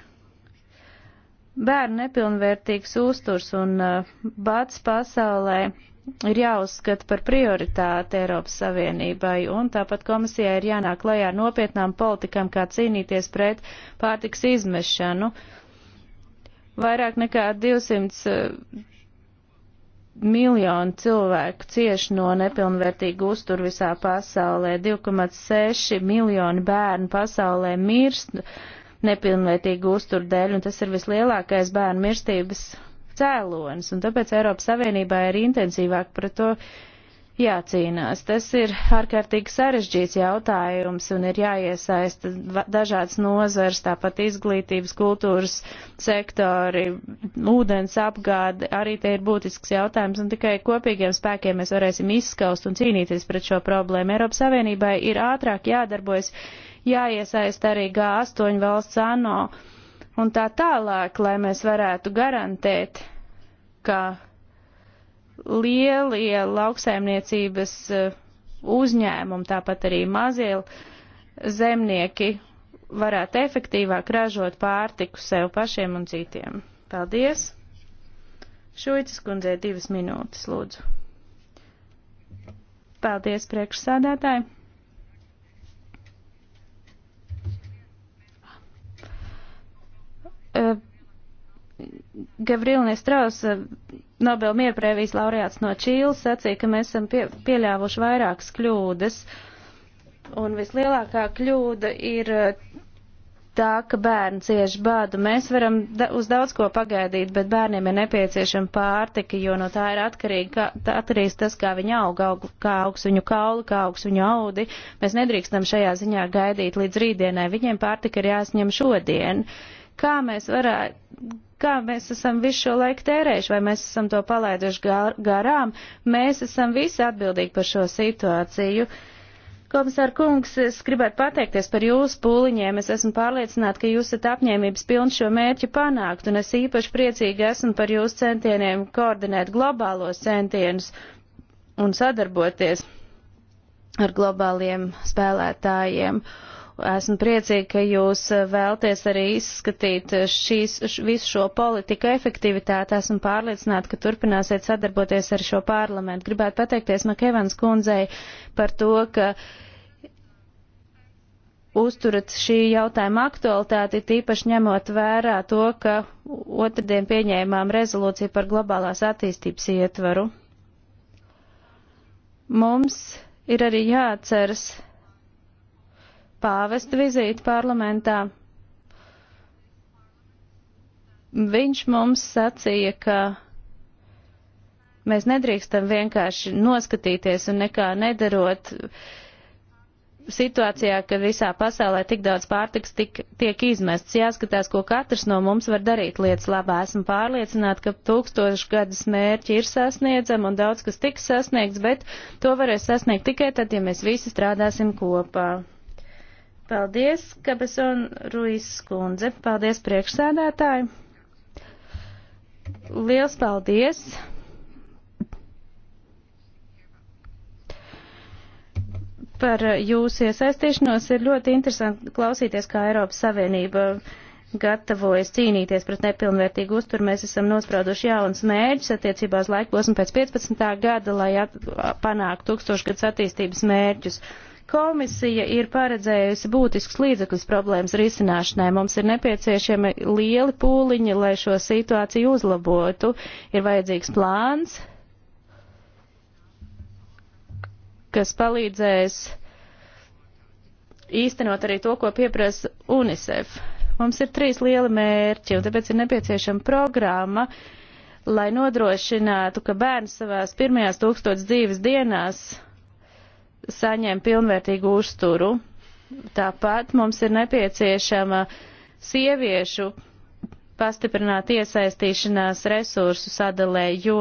Bērnu nepilnvērtīgs uzturs un uh, bats pasaulē ir jāuzskata par prioritāti Eiropas Savienībai, un tāpat komisijai ir jānāk lajā ar nopietnām politikām, kā cīnīties pret pārtiks izmešanu. Vairāk nekā 200 miljoni cilvēku cieši no nepilnvērtīgu uzturu visā pasaulē, 2,6 miljoni bērnu pasaulē mirst nepilnvērtīgu uzturu dēļ, un tas ir vislielākais bērnu mirstības cēlonis, un tāpēc Eiropas Savienībā ir intensīvāk pret to jācīnās. Tas ir ārkārtīgi sarežģīts jautājums un ir jāiesaista dažādas nozars, tāpat izglītības, kultūras sektori, ūdens apgāde. Arī te ir būtisks jautājums un tikai kopīgiem spēkiem mēs varēsim izskaust un cīnīties pret šo problēmu. Eiropas Savienībai ir ātrāk jādarbojas, jāiesaista arī G8 valsts ANO un tā tālāk, lai mēs varētu garantēt, ka lielie lauksaimniecības eh, uzņēmumi, tāpat arī mazie zemnieki varētu efektīvāk ražot pārtiku sev pašiem un citiem. Paldies! Šuicis kundzei divas minūtes, lūdzu. Paldies, priekšsādātāji! Eh, Gavrīlnieks Strauss Nobel mierprēvijas laureāts no Čīles sacīja, ka mēs esam pie, pieļāvuši vairākas kļūdas. Un vislielākā kļūda ir eh, tā, ka bērni cieši badu. Mēs varam da uz daudz ko pagaidīt, bet bērniem ir nepieciešama pārtika, jo no tā ir atkarīga, tā atkarīgs tas, kā viņi aug, aug, kā augs viņu kauli, kā augs viņu audi. Mēs nedrīkstam šajā ziņā gaidīt līdz rītdienai. Viņiem pārtika ir jāsņem šodien. Kā mēs varētu kā mēs esam visu šo laiku tērējuši, vai mēs esam to palaiduši gar, garām, mēs esam visi atbildīgi par šo situāciju. Komisār kungs, es gribētu pateikties par jūsu pūliņiem. Es esmu pārliecināta, ka jūs esat apņēmības pilni šo mērķu panākt, un es īpaši priecīgi esmu par jūsu centieniem koordinēt globālos centienus un sadarboties ar globāliem spēlētājiem. Uh, Esmu priecīga, ka jūs eh, vēlties arī izskatīt eh, šīs, š, visu šo politiku efektivitāti. Esmu pārliecināta, ka turpināsiet sadarboties ar šo parlamentu. Gribētu pateikties Makevans kundzei par to, ka uzturat šī jautājuma aktualitāti, tīpaši ņemot vērā to, ka otrdien pieņēmām rezolūciju par globālās attīstības ietvaru. Mums ir arī jāatceras, pāvesta vizīti parlamentā. Viņš mums sacīja, ka mēs nedrīkstam vienkārši noskatīties un nekā nedarot situācijā, kad visā pasaulē tik daudz pārtiks tik, tiek izmests. Jāskatās, ko katrs no mums var darīt lietas labā. Esmu pārliecināta, ka tūkstošu gadus mērķi ir sasniedzami un daudz kas tiks sasniegts, bet to varēs sasniegt tikai tad, ja mēs visi strādāsim kopā. Paldies, Kabeson Ruijas skundze. Paldies, priekšsēdētāji. Liels paldies. Par jūsu iesaistīšanos ir ļoti interesanti klausīties, kā Eiropas Savienība gatavojas cīnīties pret nepilnvērtīgu uzturu. Mēs esam nosprauduši jaunas mērķus attiecībā uz laikposmu pēc 15. gada, lai panāktu tūkstošgads attīstības mērķus. Uh, Komisija ir paredzējusi būtisks līdzeklis problēmas risināšanai. Mums ir nepieciešami lieli pūliņi, lai šo situāciju uzlabotu. Ir vajadzīgs plāns, kas palīdzēs īstenot arī to, ko pieprasa UNICEF. Mums ir trīs lieli mērķi, un tāpēc ir nepieciešama programma, lai nodrošinātu, ka bērns savās pirmajās tūkstots dzīves dienās saņem pilnvērtīgu uzturu. Tāpat mums ir nepieciešama sieviešu pastiprināta iesaistīšanās resursu sadalē, jo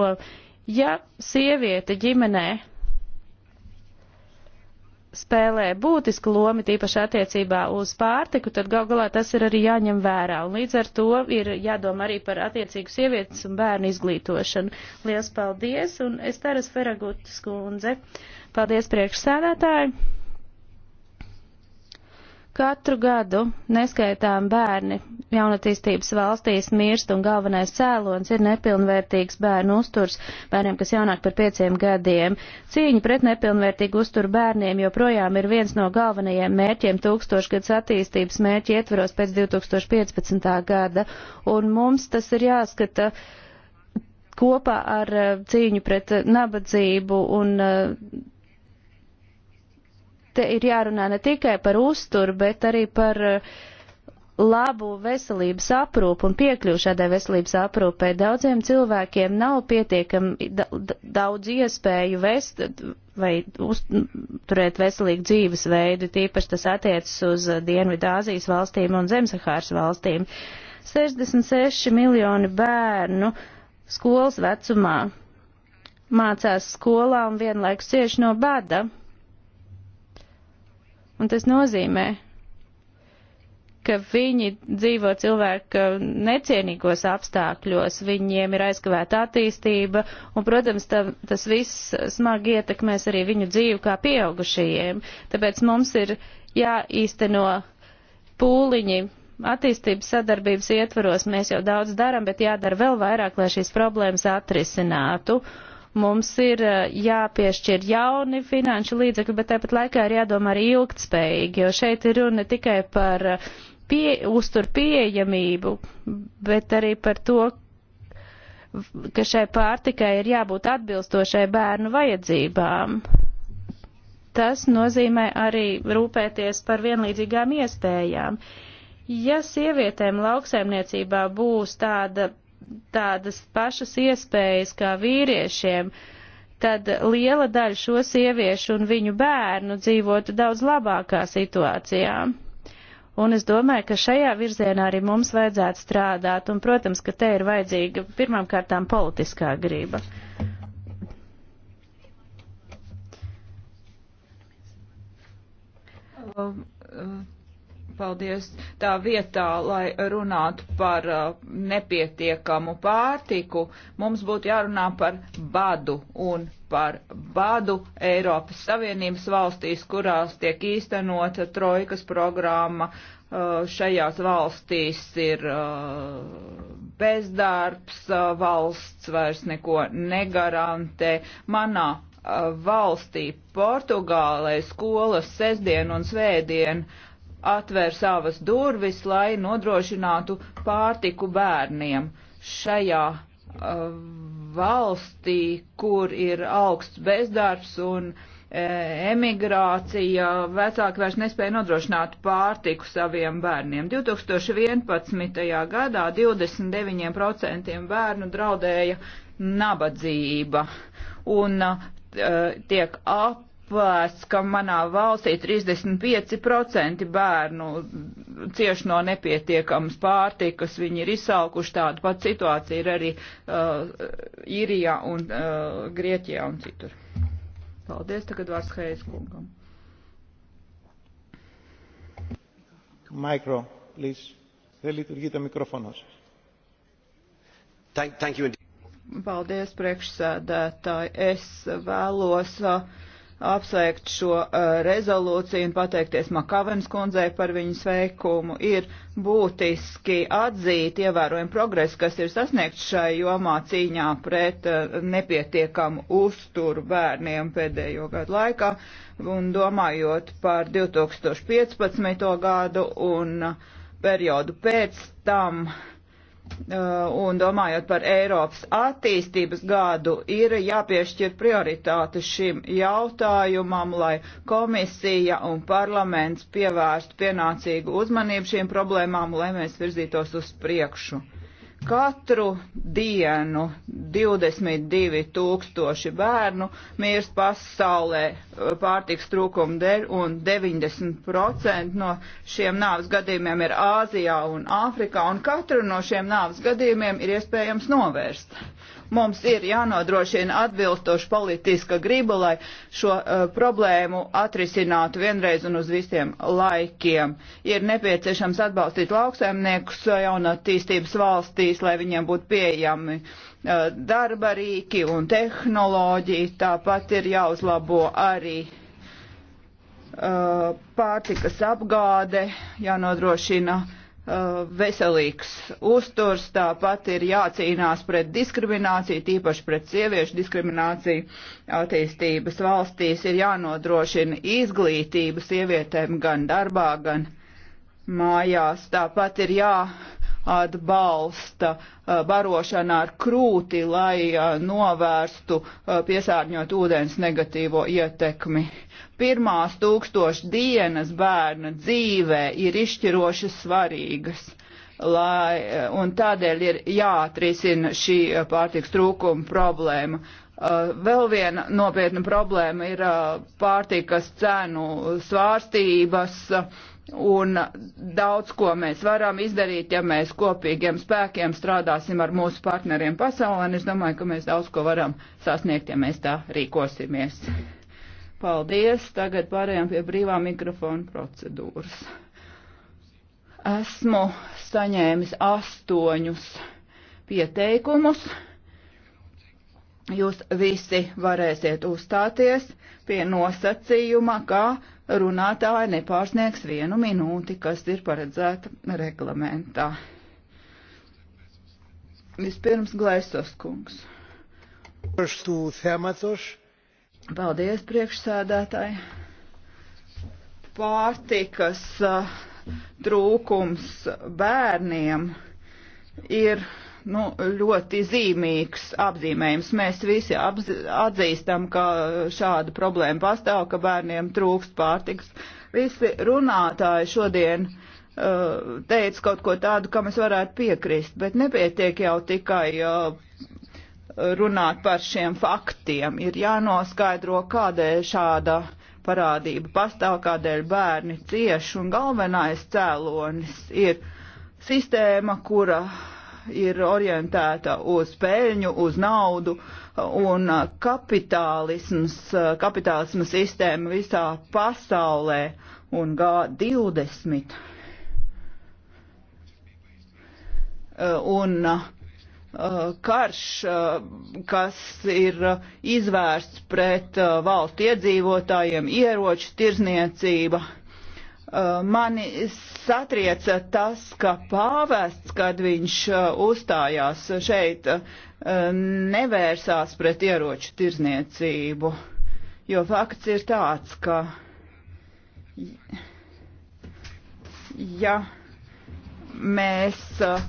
ja sieviete ģimenē spēlē būtisku lomu, tīpaši attiecībā uz pārtiku, tad gal galā tas ir arī jāņem vērā. Un līdz ar to ir jādomā arī par attiecīgu sievietes un bērnu izglītošanu. Lielas paldies, un es Taras Feragutas kundze. Uh, Paldies priekšsēdētāji! Katru gadu neskaitām bērni jaunatīstības valstīs mirst un galvenais cēlons ir nepilnvērtīgs bērnu uzturs bērniem, kas jaunāk par pieciem gadiem. Cīņa pret nepilnvērtīgu uzturu bērniem joprojām ir viens no galvenajiem mērķiem tūkstošgads attīstības mērķi ietveros pēc 2015. gada, un mums tas ir jāskata kopā ar eh, cīņu pret eh, nabadzību un eh, te ir jārunā ne tikai par uzturu, bet arī par eh, labu veselības aprūpu un piekļuvu šādai veselības aprūpē. Daudziem cilvēkiem nav pietiekami daudz iespēju vest vai uzturēt veselīgu dzīvesveidu, tīpaši tas attiecas uz Dienvidāzijas valstīm un Zemsahāras valstīm. 66 miljoni bērnu skolas vecumā mācās skolā un vienlaikus cieši no bada. Un tas nozīmē, ka viņi dzīvo cilvēku necienīgos apstākļos, viņiem ir aizkavēta attīstība, un, protams, tā, tas viss smagi ietekmēs arī viņu dzīvi kā pieaugušajiem. Tāpēc mums ir jāīsteno pūliņi attīstības sadarbības ietvaros. Mēs jau daudz daram, bet jādara vēl vairāk, lai šīs problēmas atrisinātu. Uh, Mums ir eh, jāpiešķir jauni finanšu līdzekļi, bet tāpat laikā ir jādomā arī ilgtspējīgi, jo šeit ir runa ne tikai par eh, pie, uztur pieejamību, bet arī par to, ka šai pārtikai ir jābūt atbilstošai bērnu vajadzībām. Tas nozīmē arī rūpēties par vienlīdzīgām iespējām. Ja sievietēm lauksaimniecībā būs tāda tādas pašas iespējas kā vīriešiem, tad liela daļa šo sieviešu un viņu bērnu dzīvotu daudz labākā situācijā. Un es domāju, ka šajā virzienā arī mums vajadzētu strādāt, un, protams, ka te ir vajadzīga pirmām kārtām politiskā grība. Um, uh. Paldies. Tā vietā, lai runātu par uh, nepietiekamu pārtiku, mums būtu jārunā par badu un par badu Eiropas Savienības valstīs, kurās tiek īstenota trojkas programma. Uh, šajās valstīs ir uh, bezdarbs, valsts vairs neko negarantē. Manā valstī Portugālē skolas sestdien un svētdien uh, atver savas durvis, lai nodrošinātu pārtiku bērniem šajā uh, valstī, kur ir augsts bezdarbs un uh, emigrācija, vecāki vairs nespēja nodrošināt pārtiku saviem bērniem. 2011. gadā 29% bērnu draudēja nabadzība un uh, tiek ap apvērts, ka manā valstī 35% bērnu cieš no nepietiekamas pārtikas, viņi ir izsalkuši tādu pat situāciju ir arī uh, Īrijā un uh, Grieķijā un citur. Paldies, tagad vārds Heijas kungam. Micro, please. Δεν λειτουργεί το μικρόφωνο σας. Thank, thank you. Paldies, priekšsēdētāji. Es vēlos uh, apsveikt šo uh, rezolūciju un pateikties Makavens kundzei par viņas veikumu. Ir būtiski atzīt ievērojumu progresu, kas ir sasniegts šai jomā cīņā pret uh, nepietiekamu uzturu bērniem pēdējo gadu laikā un domājot par 2015. gadu un uh, periodu pēc tam. Uh, Uh, un domājot par Eiropas attīstības gadu, ir jāpiešķir prioritāte šim jautājumam, lai komisija un parlaments pievērstu pienācīgu uzmanību šīm problēmām, lai mēs virzītos uz priekšu. Katru dienu 22 tūkstoši bērnu mirst pasaulē eh, pārtiks trūkuma dēļ un 90% no šiem nāves gadījumiem ir Āzijā un Āfrikā un katru no šiem nāves gadījumiem ir iespējams novērst. Mums ir jānodrošina atbilstoša politiska griba, lai šo uh, problēmu atrisinātu vienreiz un uz visiem laikiem. Ir nepieciešams atbalstīt lauksaimniekus jaunatīstības valstīs, lai viņiem būtu pieejami uh, darba rīki un tehnoloģija. Tāpat ir jāuzlabo arī uh, pārtikas apgāde, jānodrošina. Ja Uh, veselīgs uzturs, tāpat ir jācīnās pret diskrimināciju, tīpaši pret sieviešu diskrimināciju attīstības valstīs, ir jānodrošina izglītību sievietēm gan darbā, gan mājās, tāpat ir jā atbalsta uh, barošana ar krūti, lai uh, novērstu piesārņot ūdens negatīvo ietekmi pirmās tūkstoši dienas bērna dzīvē ir izšķiroši svarīgas. Lai, un tādēļ ir jāatrisina šī pārtiks trūkuma problēma. Uh, vēl viena nopietna problēma ir uh, pārtikas cenu svārstības, uh, un daudz ko mēs varam izdarīt, ja mēs kopīgiem spēkiem strādāsim ar mūsu partneriem pasaulē, un es domāju, ka mēs daudz ko varam sasniegt, ja mēs tā rīkosimies. Paldies! Tagad pārējām pie brīvā mikrofona procedūras. Esmu saņēmis astoņus pieteikumus. Jūs visi varēsiet uzstāties pie nosacījuma, ka runātāji nepārsniegs vienu minūti, kas ir paredzēta reglamentā. Vispirms Glaisos kungs. Par stū tēmatos Paldies, priekšsēdētāji. Pārtikas uh, trūkums bērniem ir nu, ļoti zīmīgs apzīmējums. Mēs visi atzīstam, ka šāda problēma pastāv, ka bērniem trūkst pārtikas. Visi runātāji šodien uh, teica kaut ko tādu, kam es varētu piekrist, bet nepietiek jau tikai uh, runāt par šiem faktiem. Ir jānoskaidro, kādēļ šāda parādība pastāv, kādēļ bērni cieš, un galvenais cēlonis ir sistēma, kura ir orientēta uz peļņu, uz naudu, un kapitālisms, kapitālisma sistēma visā pasaulē un G20. Un uh, Uh, karš, uh, kas ir uh, izvērsts pret valstu iedzīvotājiem, ieroču tirzniecība. Mani satrieca tas, ka pāvests, kad viņš uzstājās šeit, nevērsās pret ieroču tirzniecību, jo fakts ir tāds, ka ja mēs uh,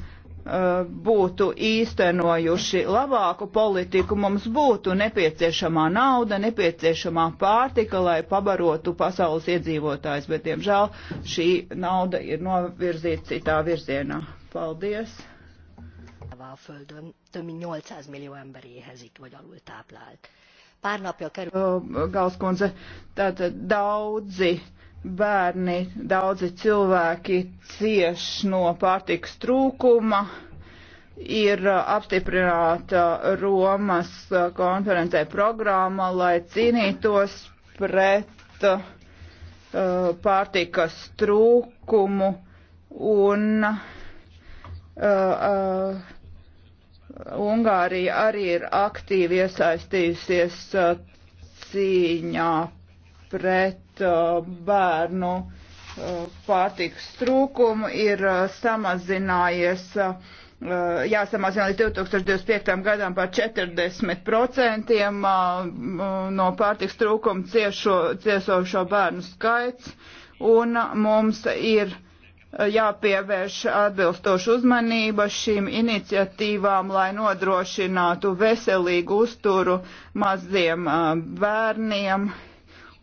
Uh, būtu īstenojuši labāku politiku, mums būtu nepieciešamā nauda, nepieciešamā pārtika, lai pabarotu pasaules iedzīvotājs, bet, diemžēl, šī nauda ir novirzīta citā virzienā. Paldies! a Földön több mint 800 millió ember éhezik vagy alul táplált. Pár napja kerül... Uh, Galskundze, tātad daudzi uh, bērni, daudzi cilvēki cieš no pārtiks trūkuma. Ir uh, apstiprināta Romas uh, konferencē programma, lai cīnītos pret uh, pārtikas trūkumu un uh, uh, Ungārija arī ir aktīvi iesaistījusies uh, cīņā pret Uh, bērnu uh, pārtikas trūkumu ir uh, samazinājies, jāsamazina līdz 2025. gadam par 40% no pārtikas trūkumu ciešo, ciesošo bērnu skaits, un mums ir jāpievērš atbilstoša uzmanība šīm iniciatīvām, lai nodrošinātu veselīgu uzturu maziem bērniem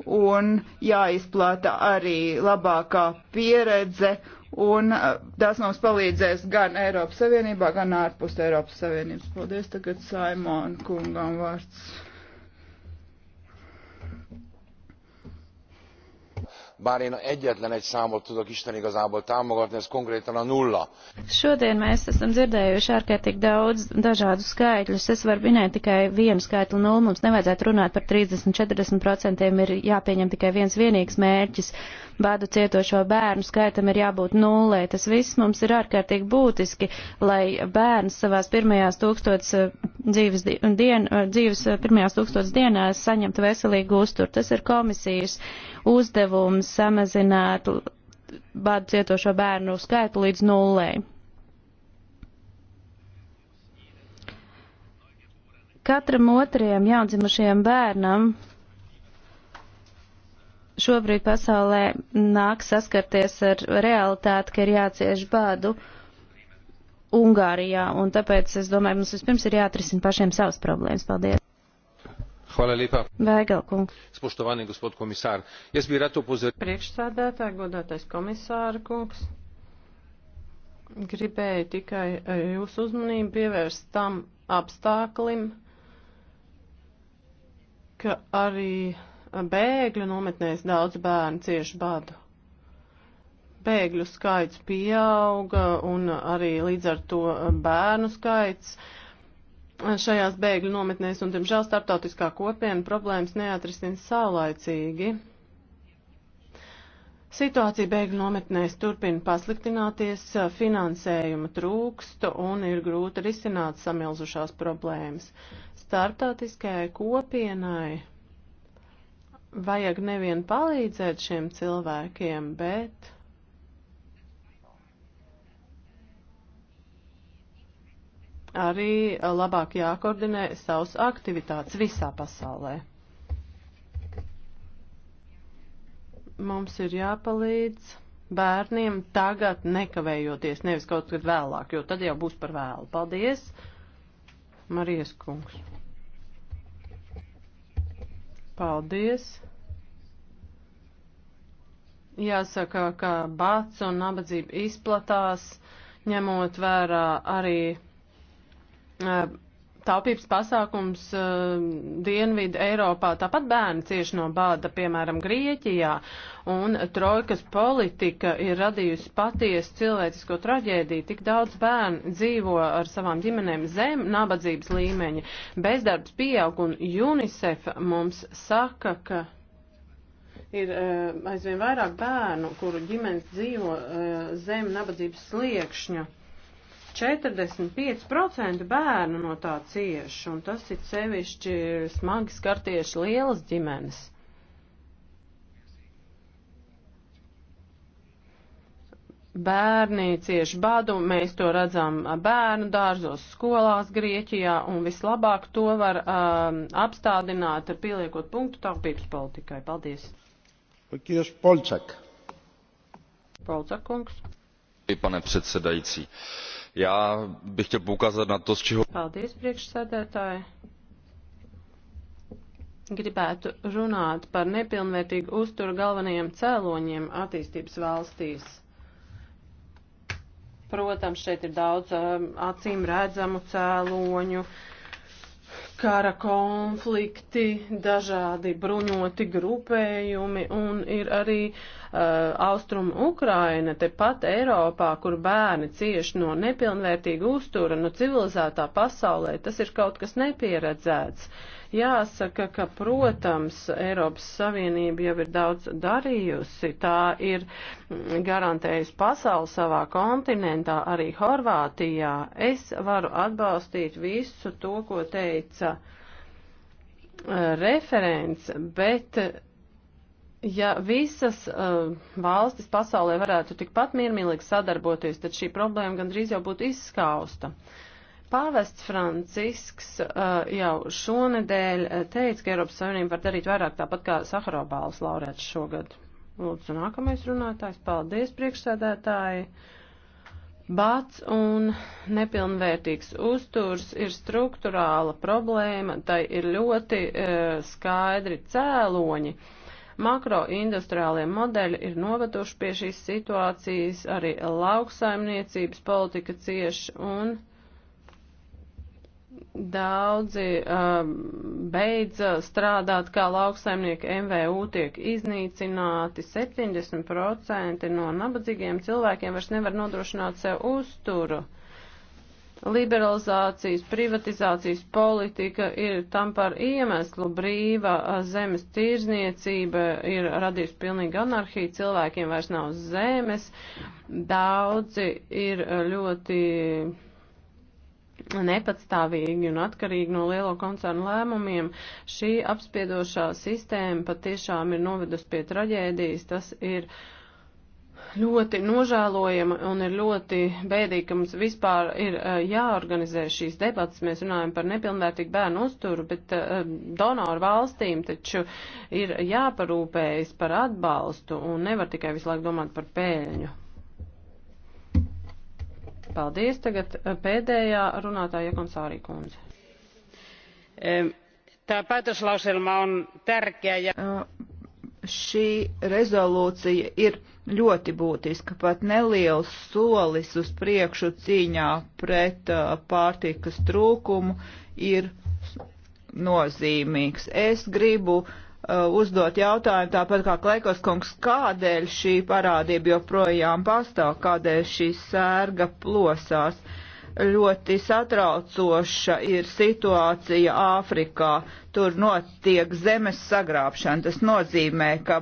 un jāizplata arī labākā pieredze, un uh, tas mums palīdzēs gan Eiropas Savienībā, gan ārpus Eiropas Savienības. Paldies tagad Saimon kungam vārds. bár én egyetlenegy számot tudok isten igazából támogatni ez konkrétan a nulla. šodien mēs esam dzirdējuši ārkārtīgi daudz dažādu skaitļus es varu minēt tikai vienu skaitli nulli mums nevajadzētu runāt par trīsdesmit četrdesmit procentiem ir jāpieņem tikai viens vienīgs mērķis bādu cietošo bērnu skaitam ir jābūt nullē. Tas viss mums ir ārkārtīgi būtiski, lai bērns savās pirmajās tūkstotas eh, dzīves, dien, eh, dzīves eh, pirmajās tūkstotas dienās saņemtu veselīgu uzturu. Tas ir komisijas uzdevums samazināt bādu cietošo bērnu skaitu līdz nullē. katram otrajam jaundzimušajam bērnam šobrīd pasaulē nāk saskarties ar realitāti, ka ir jācieš bādu Ungārijā, un tāpēc es domāju, mums vispirms ir jāatrisina pašiem savas problēmas. Paldies! Hvala lepa. Vajgal, kungs. Spoštovani gospod komisār, jaz bi rad opozoril. Priekšsādātāji, godātais komisāra kungs, gribēju tikai eh, jūsu uzmanību pievērst tam apstāklim, ka arī bēgļu nometnēs daudz bērnu cieši badu. Bēgļu skaits pieauga un arī līdz ar to bērnu skaits šajās bēgļu nometnēs, un, diemžēl, starptautiskā kopiena problēmas neatrisina saulaicīgi. Situācija bēgļu nometnēs turpina pasliktināties, finansējuma trūkst un ir grūti risināt samilzušās problēmas. Startautiskajai kopienai vajag nevien palīdzēt šiem cilvēkiem, bet arī labāk jākoordinē savas aktivitātes visā pasaulē. Mums ir jāpalīdz bērniem tagad nekavējoties, nevis kaut kad vēlāk, jo tad jau būs par vēlu. Paldies, Marijas kungs! Paldies! Jāsaka, ka bāts un nabadzība izplatās, ņemot vērā arī. Uh, taupības pasākums uh, Dienvidu Eiropā. Tāpat bērni cieši no bāda, piemēram, Grieķijā, un trojkas politika ir radījusi patiesu cilvēcisko traģēdiju. Tik daudz bērnu dzīvo ar savām ģimenēm zem nabadzības līmeņa, bezdarbs pieaug, un UNICEF mums saka, ka ir uh, aizvien vairāk bērnu, kuru ģimenes dzīvo uh, zem nabadzības sliekšņa. 45% bērnu no tā cieši, un tas ir sevišķi smagi skar tieši lielas ģimenes. Bērni cieši badu, mēs to redzam bērnu dārzos, skolās Grieķijā, un vislabāk to var um, apstādināt, pieliekot punktu taupības politikai. Paldies! Paldies, Polčak! Polčak kungs! Pane předsedající, uh, já bych chtěl poukázat na to, z čeho... Paldies, priekšsēdētāji. Gribētu runāt par nepilnvērtīgu uzturu galvenajiem cēloņiem attīstības valstīs. Protams, šeit ir daudz um, acīm redzamu cēloņu, uh, kara konflikti, dažādi bruņoti grupējumi un ir arī uh, Austrum Ukraina, tepat Eiropā, kur bērni cieši no nepilnvērtīga uztura, no civilizētā pasaulē, tas ir kaut kas nepieredzēts. Uh, Jāsaka, ka, protams, Eiropas Savienība jau ir daudz darījusi. Tā ir garantējusi pasauli savā kontinentā, arī Horvātijā. Es varu atbalstīt visu to, ko teica uh, referents, bet ja visas uh, valstis pasaulē varētu tikpat miermīlīgi sadarboties, tad šī problēma gandrīz jau būtu izskausta. Uh, Pāvests Francisks uh, jau šonedēļ uh, teica, ka Eiropas Savienība var darīt vairāk tāpat kā Sahara balvas laureāts šogad. Lūdzu, nākamais runātājs. Paldies, priekšsēdētāji. Bāts un nepilnvērtīgs uzturs ir struktūrāla problēma, tai ir ļoti e, skaidri cēloņi. Makroindustriālie modeļi ir noveduši pie šīs situācijas, arī lauksaimniecības politika cieši un Daudzi uh, beidz uh, strādāt kā lauksaimnieki, MVU tiek iznīcināti, 70% no nabadzīgiem cilvēkiem vairs nevar nodrošināt sev uzturu. Liberalizācijas, privatizācijas politika ir tam par iemeslu, brīva uh, zemes tirzniecība ir radījusi pilnīgi anarhiju, cilvēkiem vairs nav zemes, daudzi ir uh, ļoti nepatstāvīgi un atkarīgi no lielo koncernu lēmumiem. Šī apspiedošā sistēma patiešām ir novedus pie traģēdijas. Tas ir ļoti nožēlojama un ir ļoti bēdīgi, ka mums vispār ir eh, jāorganizē šīs debatas. Mēs runājam par nepilnvērtīgu bērnu uzturu, bet eh, donoru valstīm taču ir jāparūpējas par atbalstu un nevar tikai visu laiku domāt par pēļņu. Paldies. Tagad eh, pēdējā runātāja Konsārī kundze. Tā päätöslauselma on tärkeä ja... Šī rezolūcija ir ļoti būtiska, pat neliels solis uz priekšu cīņā pret pārtikas trūkumu ir nozīmīgs. Es gribu uh, Uh, uzdot jautājumu, tāpat kā Klekos kungs, kādēļ šī parādība joprojām pastāv, kādēļ šī sērga plosās. Ļoti satraucoša ir situācija Āfrikā. Tur notiek zemes sagrābšana. Tas nozīmē, ka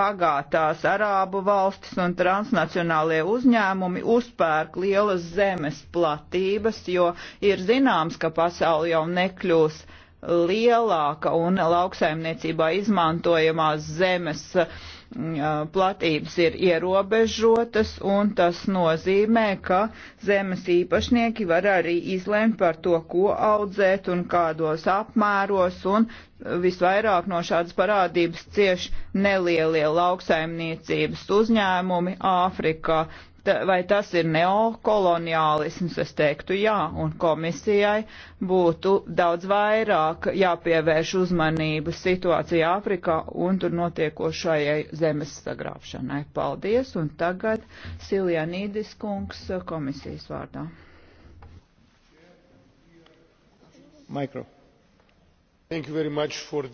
bagātās arābu valstis un transnacionālie uzņēmumi uzpērk lielas zemes platības, jo ir zināms, ka pasauli jau nekļūs uh, lielāka un lauksaimniecībā izmantojamās zemes mm, platības ir ierobežotas, un tas nozīmē, ka zemes īpašnieki var arī izlemt par to, ko audzēt un kādos apmēros, un visvairāk no šādas parādības cieš nelielie lauksaimniecības uzņēmumi Āfrikā vai tas ir neokoloniālisms, es teiktu jā, un komisijai būtu daudz vairāk jāpievērš uzmanību situācija Āfrikā un tur notiekošajai zemes sagrābšanai. Paldies, un tagad Silja Nīdis kungs komisijas vārdā. Mikro. Uh,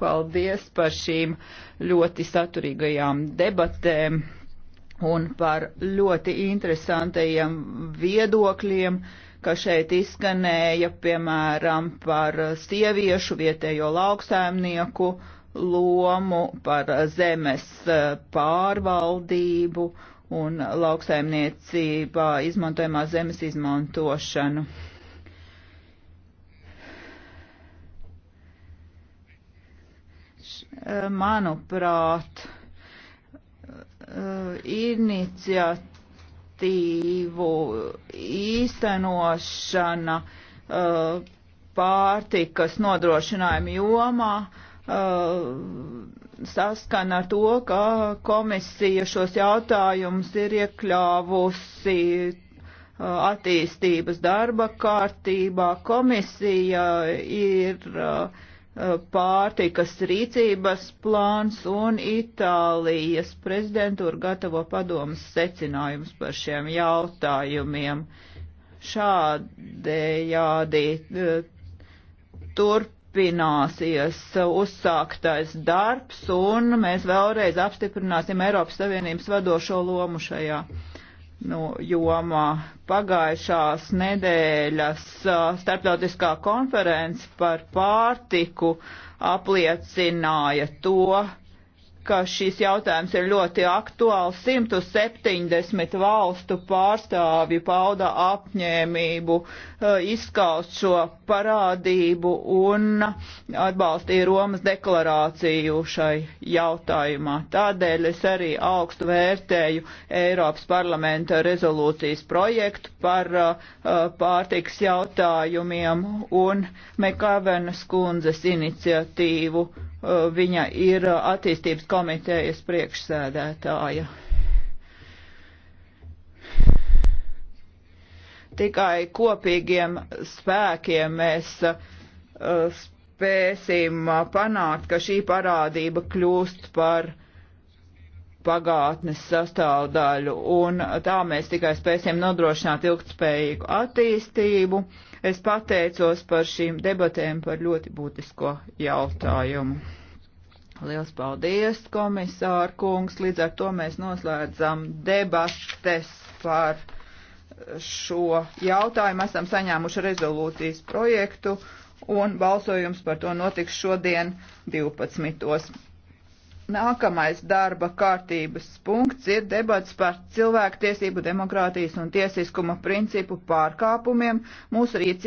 Paldies par šīm ļoti saturīgajām debatēm un par ļoti interesantajiem viedokļiem, ka šeit izskanēja, piemēram, par sieviešu vietējo lauksaimnieku lomu, par zemes eh, pārvaldību un lauksaimniecībā izmantojamā zemes izmantošanu. Eh, manuprāt, iniciatīvu īstenošana uh, pārtikas nodrošinājuma jomā uh, saskana ar to, ka komisija šos jautājumus ir iekļāvusi uh, attīstības darba kārtībā. Komisija ir uh, pārtikas rīcības plāns un Itālijas prezidentūra gatavo padomas secinājumus par šiem jautājumiem. Šādējādi eh, turpināsies uzsāktais darbs un mēs vēlreiz apstiprināsim Eiropas Savienības vadošo lomu šajā nu, jomā. Pagājušās nedēļas starptautiskā konference par pārtiku apliecināja to, ka šis jautājums ir ļoti aktuāls. 170 valstu pārstāvji pauda apņēmību uh, Uh, izskaust šo parādību un atbalstīja Romas deklarāciju šai jautājumā. Tādēļ es arī augstu vērtēju Eiropas parlamenta rezolūcijas projektu par uh, uh, pārtiks jautājumiem un Mekavenas kundzes iniciatīvu. Viņa ir attīstības komitejas priekšsēdētāja. Tikai kopīgiem spēkiem mēs uh, spēsim uh, panākt, ka šī parādība kļūst par pagātnes sastāvdaļu, un tā mēs tikai spēsim nodrošināt ilgtspējīgu attīstību. Es pateicos par šīm debatēm par ļoti būtisko jautājumu. Liels paldies, komisāra kungs! Līdz ar to mēs noslēdzam debates par šo jautājumu. Esam saņēmuši rezolūcijas projektu un balsojums par to notiks šodien 12. Nākamais darba kārtības punkts ir debats par cilvēktiesību, demokrātijas un tiesiskuma principu pārkāpumiem mūsu rīcībā.